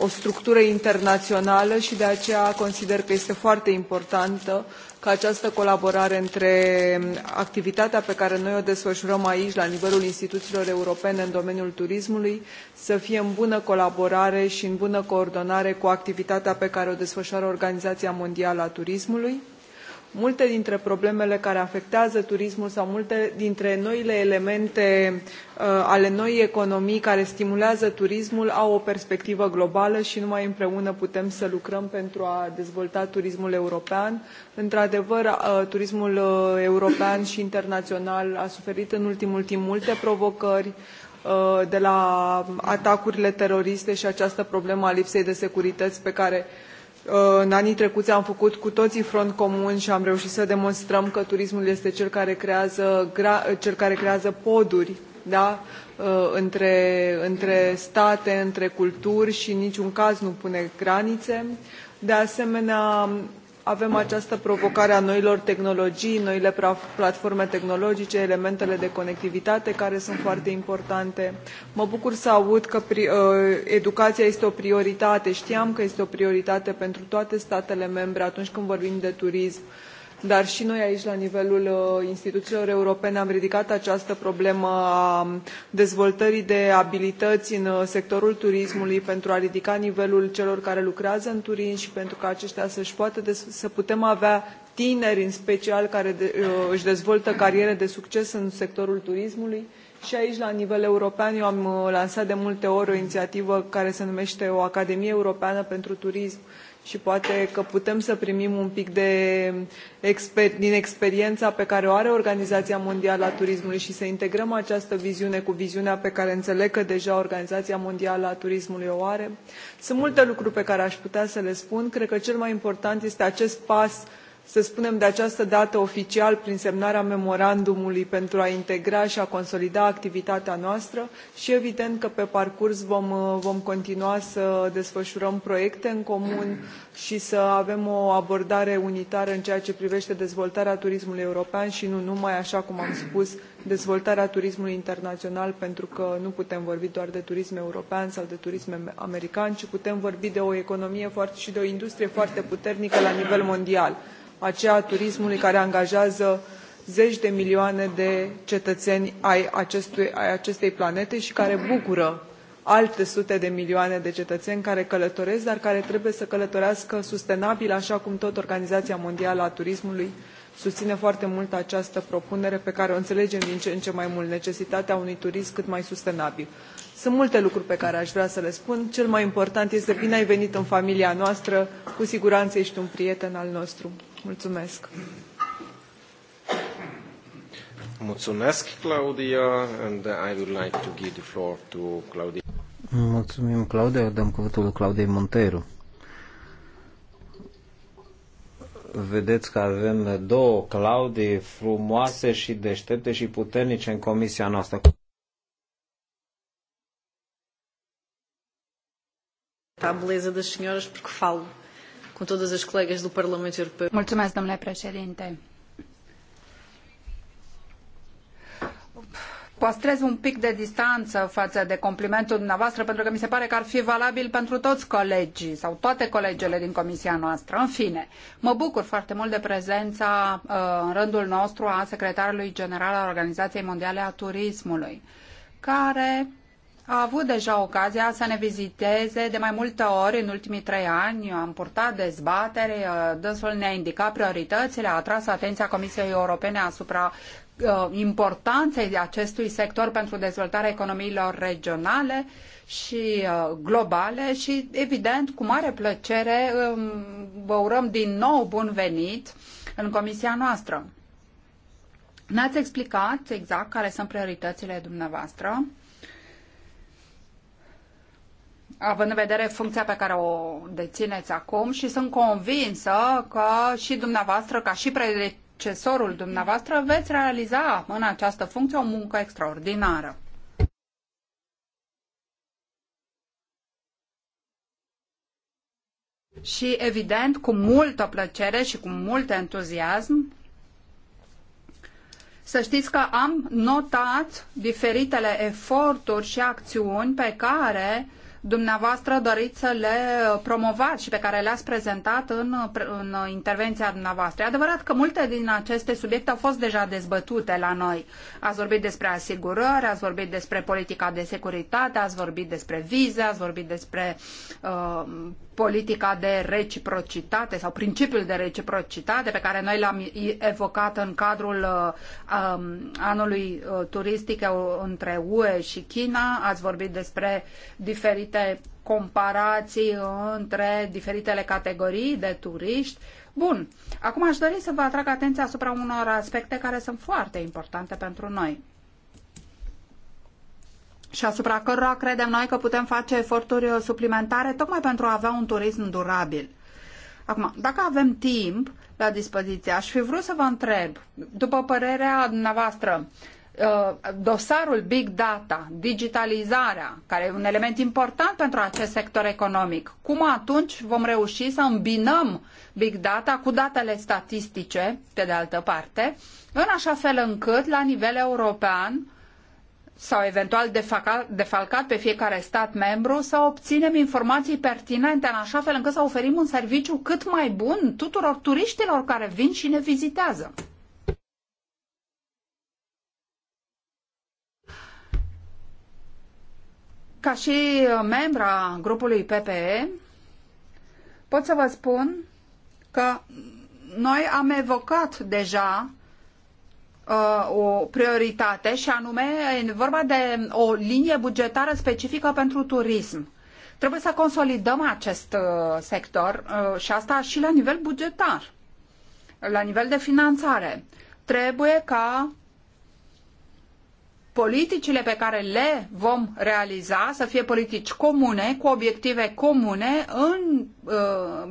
o structură internațională și de aceea consider că este foarte importantă ca această colaborare între activitatea pe care noi o desfășurăm aici la nivelul instituțiilor europene în domeniul turismului să fie în bună colaborare și în bună coordonare cu activitatea pe care o desfășoară organizația mondială a turismului multe dintre problemele care afectează turismul sau multe dintre noile elemente uh, ale noii economii care stimulează turismul au o perspectivă globală și numai împreună putem să lucrăm pentru a dezvolta turismul european. într adevăr uh, turismul uh, european și internațional a suferit în ultimul timp multe provocări uh, de la atacurile teroriste și această problemă a lipsei de securități pe care Uh, în anii trecuți am făcut cu toții front comun și am reușit să demonstrăm că turismul este cel care creează, cel care creează poduri da? Uh, între, între state, între culturi și în niciun caz nu pune granițe. De asemenea, avem această provocare a noilor tehnologii noile platforme tehnologice elementele de conectivitate care sunt foarte importante. mă bucur să aud că uh, educația este o prioritate știam că este o prioritate pentru toate statele membre atunci când vorbim de turism dar și noi aici la nivelul uh, instituțiilor europene am ridicat această problemă a um, dezvoltării de abilități în uh, sectorul turismului pentru a ridica nivelul celor care lucrează în turism și pentru ca aceștia să, poată să putem avea tineri în special care de, uh, își dezvoltă cariere de succes în sectorul turismului. Și aici, la nivel european, eu am lansat de multe ori o inițiativă care se numește o Academie Europeană pentru Turism, și poate că putem să primim un pic de exper din experiența pe care o are Organizația Mondială a Turismului și să integrăm această viziune cu viziunea pe care înțeleg că deja Organizația Mondială a Turismului o are. Sunt multe lucruri pe care aș putea să le spun. Cred că cel mai important este acest pas să spunem de această dată oficial prin semnarea memorandumului pentru a integra și a consolida activitatea noastră și evident că pe parcurs vom, uh, vom continua să desfășurăm proiecte în comun și să avem o abordare unitară în ceea ce privește dezvoltarea turismului european și nu numai, așa cum am spus, dezvoltarea turismului internațional, pentru că nu putem vorbi doar de turism european sau de turism american, ci putem vorbi de o economie foarte, și de o industrie foarte puternică la nivel mondial aceea a turismului care angajează zeci de milioane de cetățeni ai, acestui, ai acestei planete și care bucură alte sute de milioane de cetățeni care călătoresc, dar care trebuie să călătorească sustenabil, așa cum tot Organizația Mondială a Turismului susține foarte mult această propunere pe care o înțelegem din ce în ce mai mult, necesitatea unui turism cât mai sustenabil. Sunt multe lucruri pe care aș vrea să le spun. Cel mai important este bine ai venit în familia noastră. Cu siguranță ești un prieten al nostru. Mulțumesc! Mulțumesc, Claudia, and I would like to give the floor to Claudia. Mulțumim, Claudia. Dăm cuvântul lui Claudia Monteiro. Vedeți că avem două Claudii frumoase și deștepte și puternice în comisia noastră. a beleza das senhoras, porque falo com todas as colegas do Parlamento Europeu. Mulțumesc, domnule președinte. păstrez un pic de distanță față de complimentul dumneavoastră, pentru că mi se pare că ar fi valabil pentru toți colegii sau toate colegele din comisia noastră. În fine, mă bucur foarte mult de prezența uh, în rândul nostru a secretarului general al Organizației Mondiale a Turismului, care a avut deja ocazia să ne viziteze de mai multe ori în ultimii trei ani. Am purtat dezbatere, uh, dânsul ne-a indicat prioritățile, a atras atenția Comisiei Europene asupra uh, importanței acestui sector pentru dezvoltarea economiilor regionale și uh, globale și, evident, cu mare plăcere um, vă urăm din nou bun venit în comisia noastră. Ne-ați explicat exact care sunt prioritățile dumneavoastră având în vedere funcția pe care o dețineți acum și sunt convinsă că și dumneavoastră, ca și predecesorul dumneavoastră, veți realiza în această funcție o muncă extraordinară. Și evident, cu multă plăcere și cu mult entuziasm, să știți că am notat diferitele eforturi și acțiuni pe care dumneavoastră doriți să le uh, promovați și pe care le-ați prezentat în, uh, în uh, intervenția dumneavoastră. E adevărat că multe din aceste subiecte au fost deja dezbătute la noi. Ați vorbit despre asigurări, ați vorbit despre politica de securitate, ați vorbit despre vize, ați vorbit despre uh, politica de reciprocitate sau principiul de reciprocitate pe care noi l-am evocat în cadrul uh, um, anului uh, turistic între UE și China. Ați vorbit despre diferite comparații între diferitele categorii de turiști. Bun, acum aș dori să vă atrag atenția asupra unor aspecte care sunt foarte importante pentru noi și asupra cărora credem noi că putem face eforturi uh, suplimentare tocmai pentru a avea un turism durabil. Acum, dacă avem timp la dispoziție, aș fi vrut să vă întreb, după părerea dumneavoastră, uh, dosarul big data, digitalizarea, care e un element important pentru acest sector economic, cum atunci vom reuși să îmbinăm big data cu datele statistice, pe de altă parte, în așa fel încât, la nivel european, sau eventual defalcat pe fiecare stat membru, să obținem informații pertinente în așa fel încât să oferim un serviciu cât mai bun tuturor turiștilor care vin și ne vizitează. Ca și membra grupului PPE, pot să vă spun că noi am evocat deja Uh, o prioritate și anume e vorba de o linie bugetară specifică pentru turism. Trebuie să consolidăm acest uh, sector uh, și asta și la nivel bugetar, la nivel de finanțare. Trebuie ca politicile pe care le vom realiza să fie politici comune, cu obiective comune în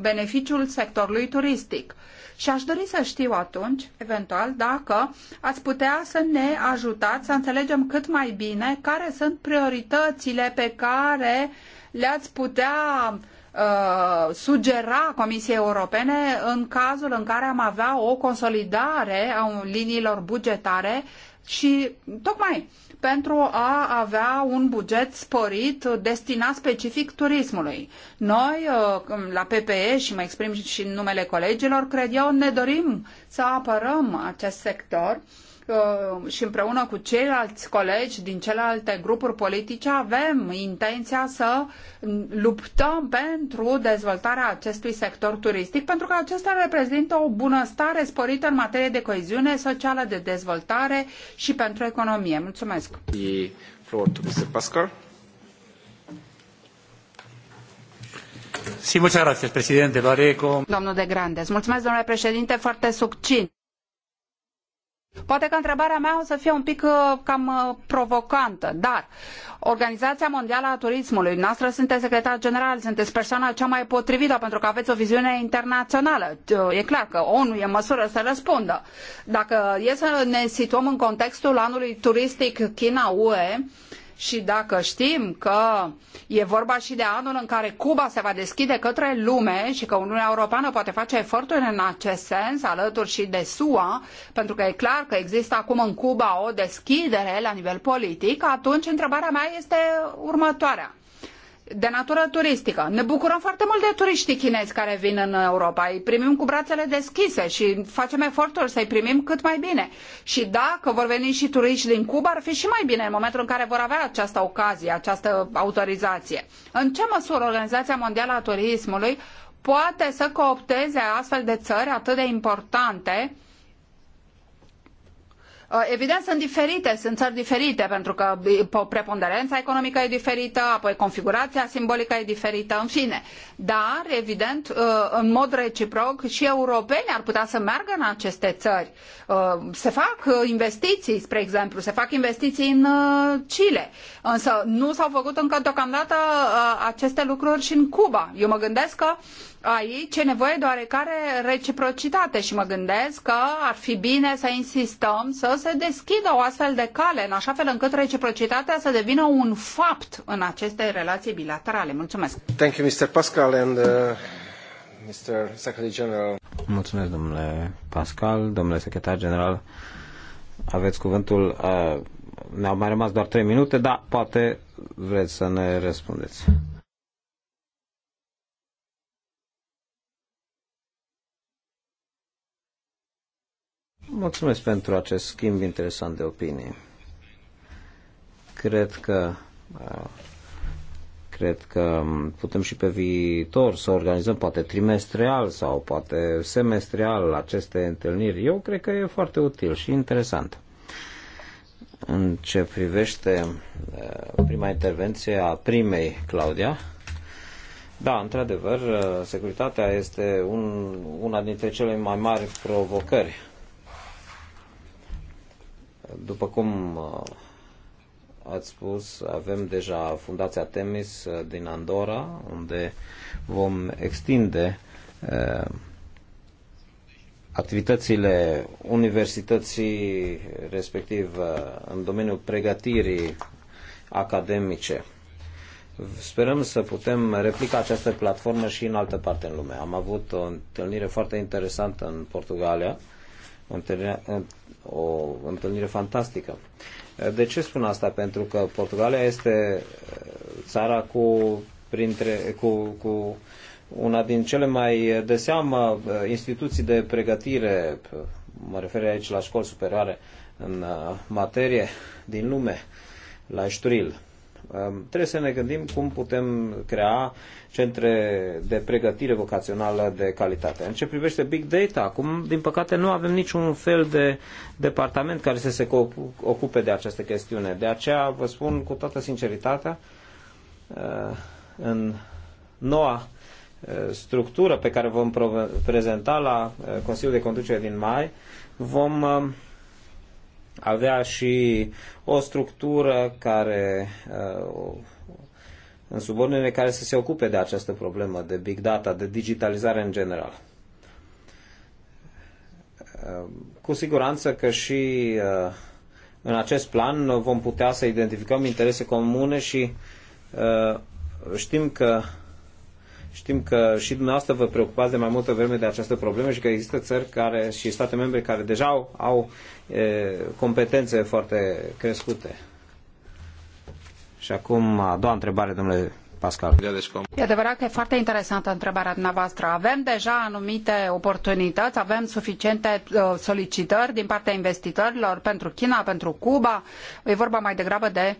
beneficiul sectorului turistic. Și aș dori să știu atunci, eventual, dacă ați putea să ne ajutați să înțelegem cât mai bine care sunt prioritățile pe care le-ați putea uh, sugera Comisiei Europene în cazul în care am avea o consolidare a liniilor bugetare și tocmai pentru a avea un buget sporit destinat specific turismului. Noi, uh, la PPE și mă exprim și în numele colegilor, cred eu, ne dorim să apărăm acest sector Uh, și împreună cu ceilalți colegi din celelalte grupuri politice avem intenția să luptăm pentru dezvoltarea acestui sector turistic, pentru că acesta reprezintă o bunăstare sporită în materie de coeziune socială, de dezvoltare și pentru economie. Mulțumesc! The floor to Pascal. Sí, muchas gracias, presidente. Lo haré con... Domnul de Grandes. Mulțumesc, domnule președinte, foarte succint. Poate că întrebarea mea o să fie un pic uh, cam uh, provocantă, dar Organizația Mondială a Turismului, noastră sunteți secretar general, sunteți persoana cea mai potrivită pentru că aveți o viziune internațională. Uh, e clar că ONU e în măsură să răspundă. Dacă e să ne situăm în contextul anului turistic China-UE, și dacă știm că e vorba și de anul în care Cuba se va deschide către lume și că Uniunea Europeană poate face eforturi în acest sens, alături și de SUA, pentru că e clar că există acum în Cuba o deschidere la nivel politic, atunci întrebarea mea este următoarea de natură turistică. Ne bucurăm foarte mult de turiștii chinezi care vin în Europa. Îi primim cu brațele deschise și facem eforturi să-i primim cât mai bine. Și dacă vor veni și turiști din Cuba, ar fi și mai bine în momentul în care vor avea această ocazie, această autorizație. În ce măsură Organizația Mondială a Turismului poate să coopteze astfel de țări atât de importante Uh, evident, sunt diferite, sunt țări diferite, pentru că preponderența economică e diferită, apoi configurația simbolică e diferită, în fine. Dar, evident, uh, în mod reciproc, și europeni ar putea să meargă în aceste țări. Uh, se fac investiții, spre exemplu, se fac investiții în Chile, însă nu s-au făcut încă deocamdată aceste lucruri și în Cuba. Eu mă gândesc că aici e nevoie de oarecare reciprocitate și mă gândesc că ar fi bine să insistăm să se deschidă o astfel de cale, în așa fel încât reciprocitatea să devină un fapt în aceste relații bilaterale. Mulțumesc! Thank you, Mr. Pascal and, uh, Mr. Secretary General. Mulțumesc, domnule Pascal, domnule secretar general. Aveți cuvântul. Uh, ne-au mai rămas doar trei minute, dar poate vreți să ne răspundeți. Mulțumesc pentru acest schimb interesant de opinie. Cred că uh, cred că putem și pe viitor să organizăm poate trimestrial sau poate semestrial aceste întâlniri. Eu cred că e foarte util și interesant. În ce privește uh, prima intervenție a primei, Claudia, da, într-adevăr, uh, securitatea este un, una dintre cele mai mari provocări după cum uh, ați spus, avem deja Fundația Temis uh, din Andorra, unde vom extinde uh, activitățile universității, respectiv în domeniul pregătirii academice. Sperăm să putem replica această platformă și în altă parte în lume. Am avut o întâlnire foarte interesantă în Portugalia, o întâlnire fantastică. De ce spun asta? Pentru că Portugalia este uh, țara cu, printre, cu, cu una din cele mai de seamă uh, instituții de pregătire, mă refer aici la școli superioare în uh, materie din lume, la Șturil. Um, trebuie să ne gândim cum putem crea centre de pregătire vocațională de calitate. În ce privește big data, acum, din păcate, nu avem niciun fel de departament care să se ocupe de această chestiune. De aceea vă spun cu toată sinceritatea, uh, în noua uh, structură pe care vom prezenta la uh, Consiliul de Conducere din mai, vom avea și o structură care uh, în subordine care să se ocupe de această problemă de big data, de digitalizare în general. Uh, cu siguranță că și uh, în acest plan vom putea să identificăm interese comune și știm că Știm că și dumneavoastră vă preocupați de mai multă vreme de această problemă și că există țări care, și state membre care deja au, au e, competențe foarte crescute. Și acum a doua întrebare, domnule Pascal. Deci e adevărat că e foarte interesantă întrebarea dumneavoastră. Avem deja anumite oportunități, avem suficiente uh, solicitări din partea investitorilor pentru China, pentru Cuba. E vorba mai degrabă de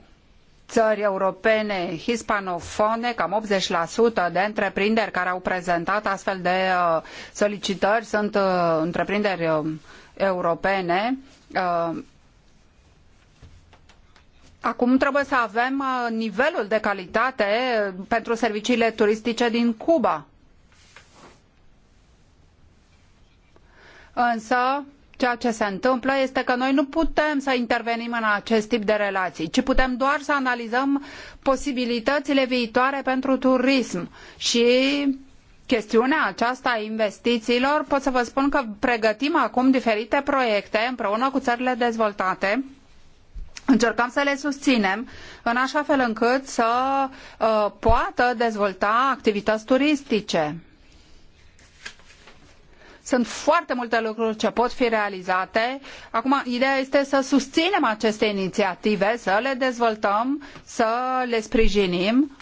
ări europene hispanofone, cam 80% de întreprinderi care au prezentat astfel de uh, solicitări sunt uh, întreprinderi uh, europene. Acum trebuie să avem nivelul de calitate pentru serviciile turistice din Cuba. Însă, Ceea ce se întâmplă este că noi nu putem să intervenim în acest tip de relații, ci putem doar să analizăm posibilitățile viitoare pentru turism și chestiunea aceasta a investițiilor, pot să vă spun că pregătim acum diferite proiecte împreună cu țările dezvoltate. Încercăm să le susținem în așa fel încât să uh, poată dezvolta activități turistice. Sunt foarte multe lucruri ce pot fi realizate. Acum, ideea este să susținem aceste inițiative, să le dezvoltăm, să le sprijinim.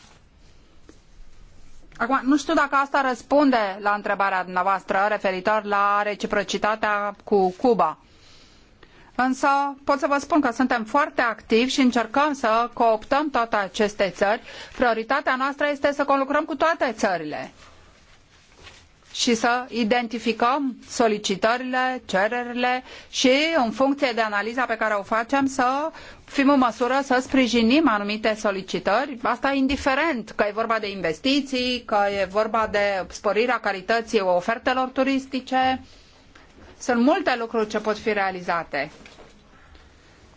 Acum, nu știu dacă asta răspunde la întrebarea dumneavoastră referitor la reciprocitatea cu Cuba. Însă pot să vă spun că suntem foarte activi și încercăm să cooptăm toate aceste țări. Prioritatea noastră este să conlucrăm cu toate țările și să identificăm solicitările, cererile și în funcție de analiza pe care o facem să fim în măsură să sprijinim anumite solicitări, asta indiferent că e vorba de investiții, că e vorba de sporirea carității ofertelor turistice. Sunt multe lucruri ce pot fi realizate.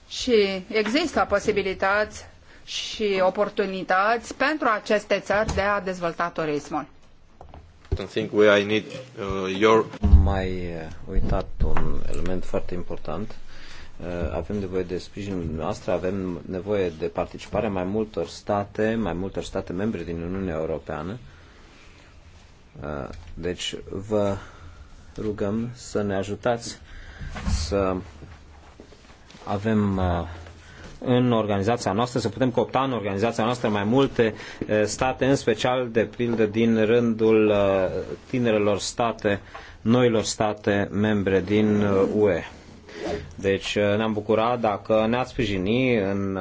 Și există posibilități și oportunități pentru aceste țări de a dezvolta turismul. Think where I need, uh, your... Mai uh, uitat un element foarte important. Uh, avem nevoie de sprijinul noastră, avem nevoie de participarea mai multor state, mai multor state membre din Uniunea Europeană. Uh, deci vă rugăm să ne ajutați să avem în organizația noastră, să putem copta în organizația noastră mai multe eh, state, în special, de pildă, din rândul eh, tinerelor state, noilor state membre din eh, UE. Deci ne-am bucurat dacă ne-ați sprijini în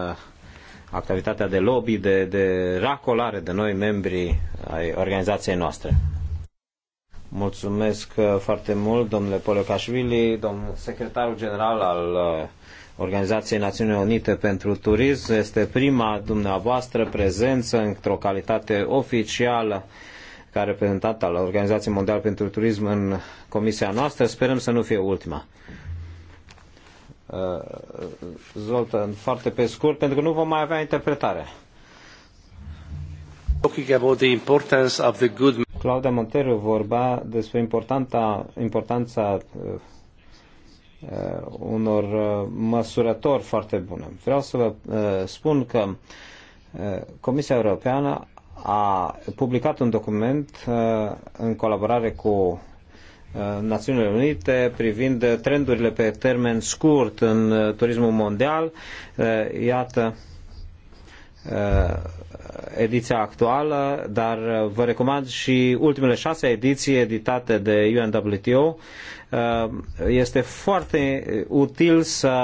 activitatea de lobby, de, de racolare de noi membri ai organizației noastre. Mulțumesc foarte mult, domnule Poliocașvili, domnul secretarul general al Organizației Națiunilor Unite pentru Turism. Este prima dumneavoastră prezență într-o calitate oficială ca reprezentant al Organizației Mondiale pentru Turism în comisia noastră. Sperăm să nu fie ultima. Uh, Zoltan, foarte pe scurt, pentru că nu vom mai avea interpretare. Claudia Monteru vorba despre importanța, importanța uh, Uh, unor uh, măsurători foarte bune. Vreau să vă uh, spun că Comisia Europeană a publicat un document în colaborare cu Națiunile Unite privind trendurile pe termen scurt în turismul mondial. Iată, Uh, ediția actuală, dar uh, vă recomand și ultimele șase ediții editate de UNWTO. Uh, este foarte util să,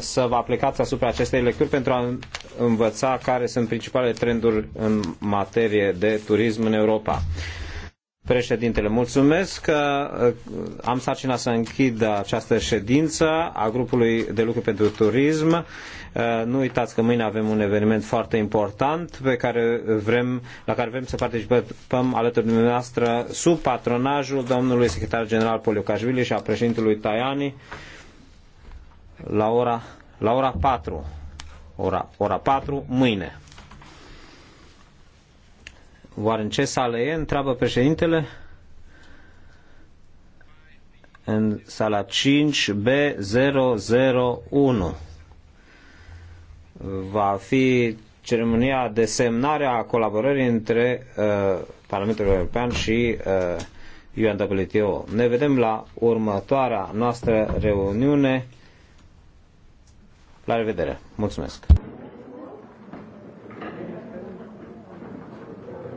să vă aplicați asupra acestei lecturi pentru a învăța care sunt principalele trenduri în materie de turism în Europa. Președintele, mulțumesc că uh, am sarcina să închid această ședință a grupului de lucru pentru turism. Uh, nu uitați că mâine avem un eveniment foarte important pe care vrem, la care vrem să participăm alături de dumneavoastră sub patronajul domnului secretar general Poliucașvili și a președintelui Tajani la ora, la ora 4. Ora, ora 4 mâine. Oare în ce sală e? Întreabă președintele. În sala 5B001 va fi ceremonia de semnare a colaborării între uh, Parlamentul European și uh, UNWTO. Ne vedem la următoarea noastră reuniune. La revedere! Mulțumesc!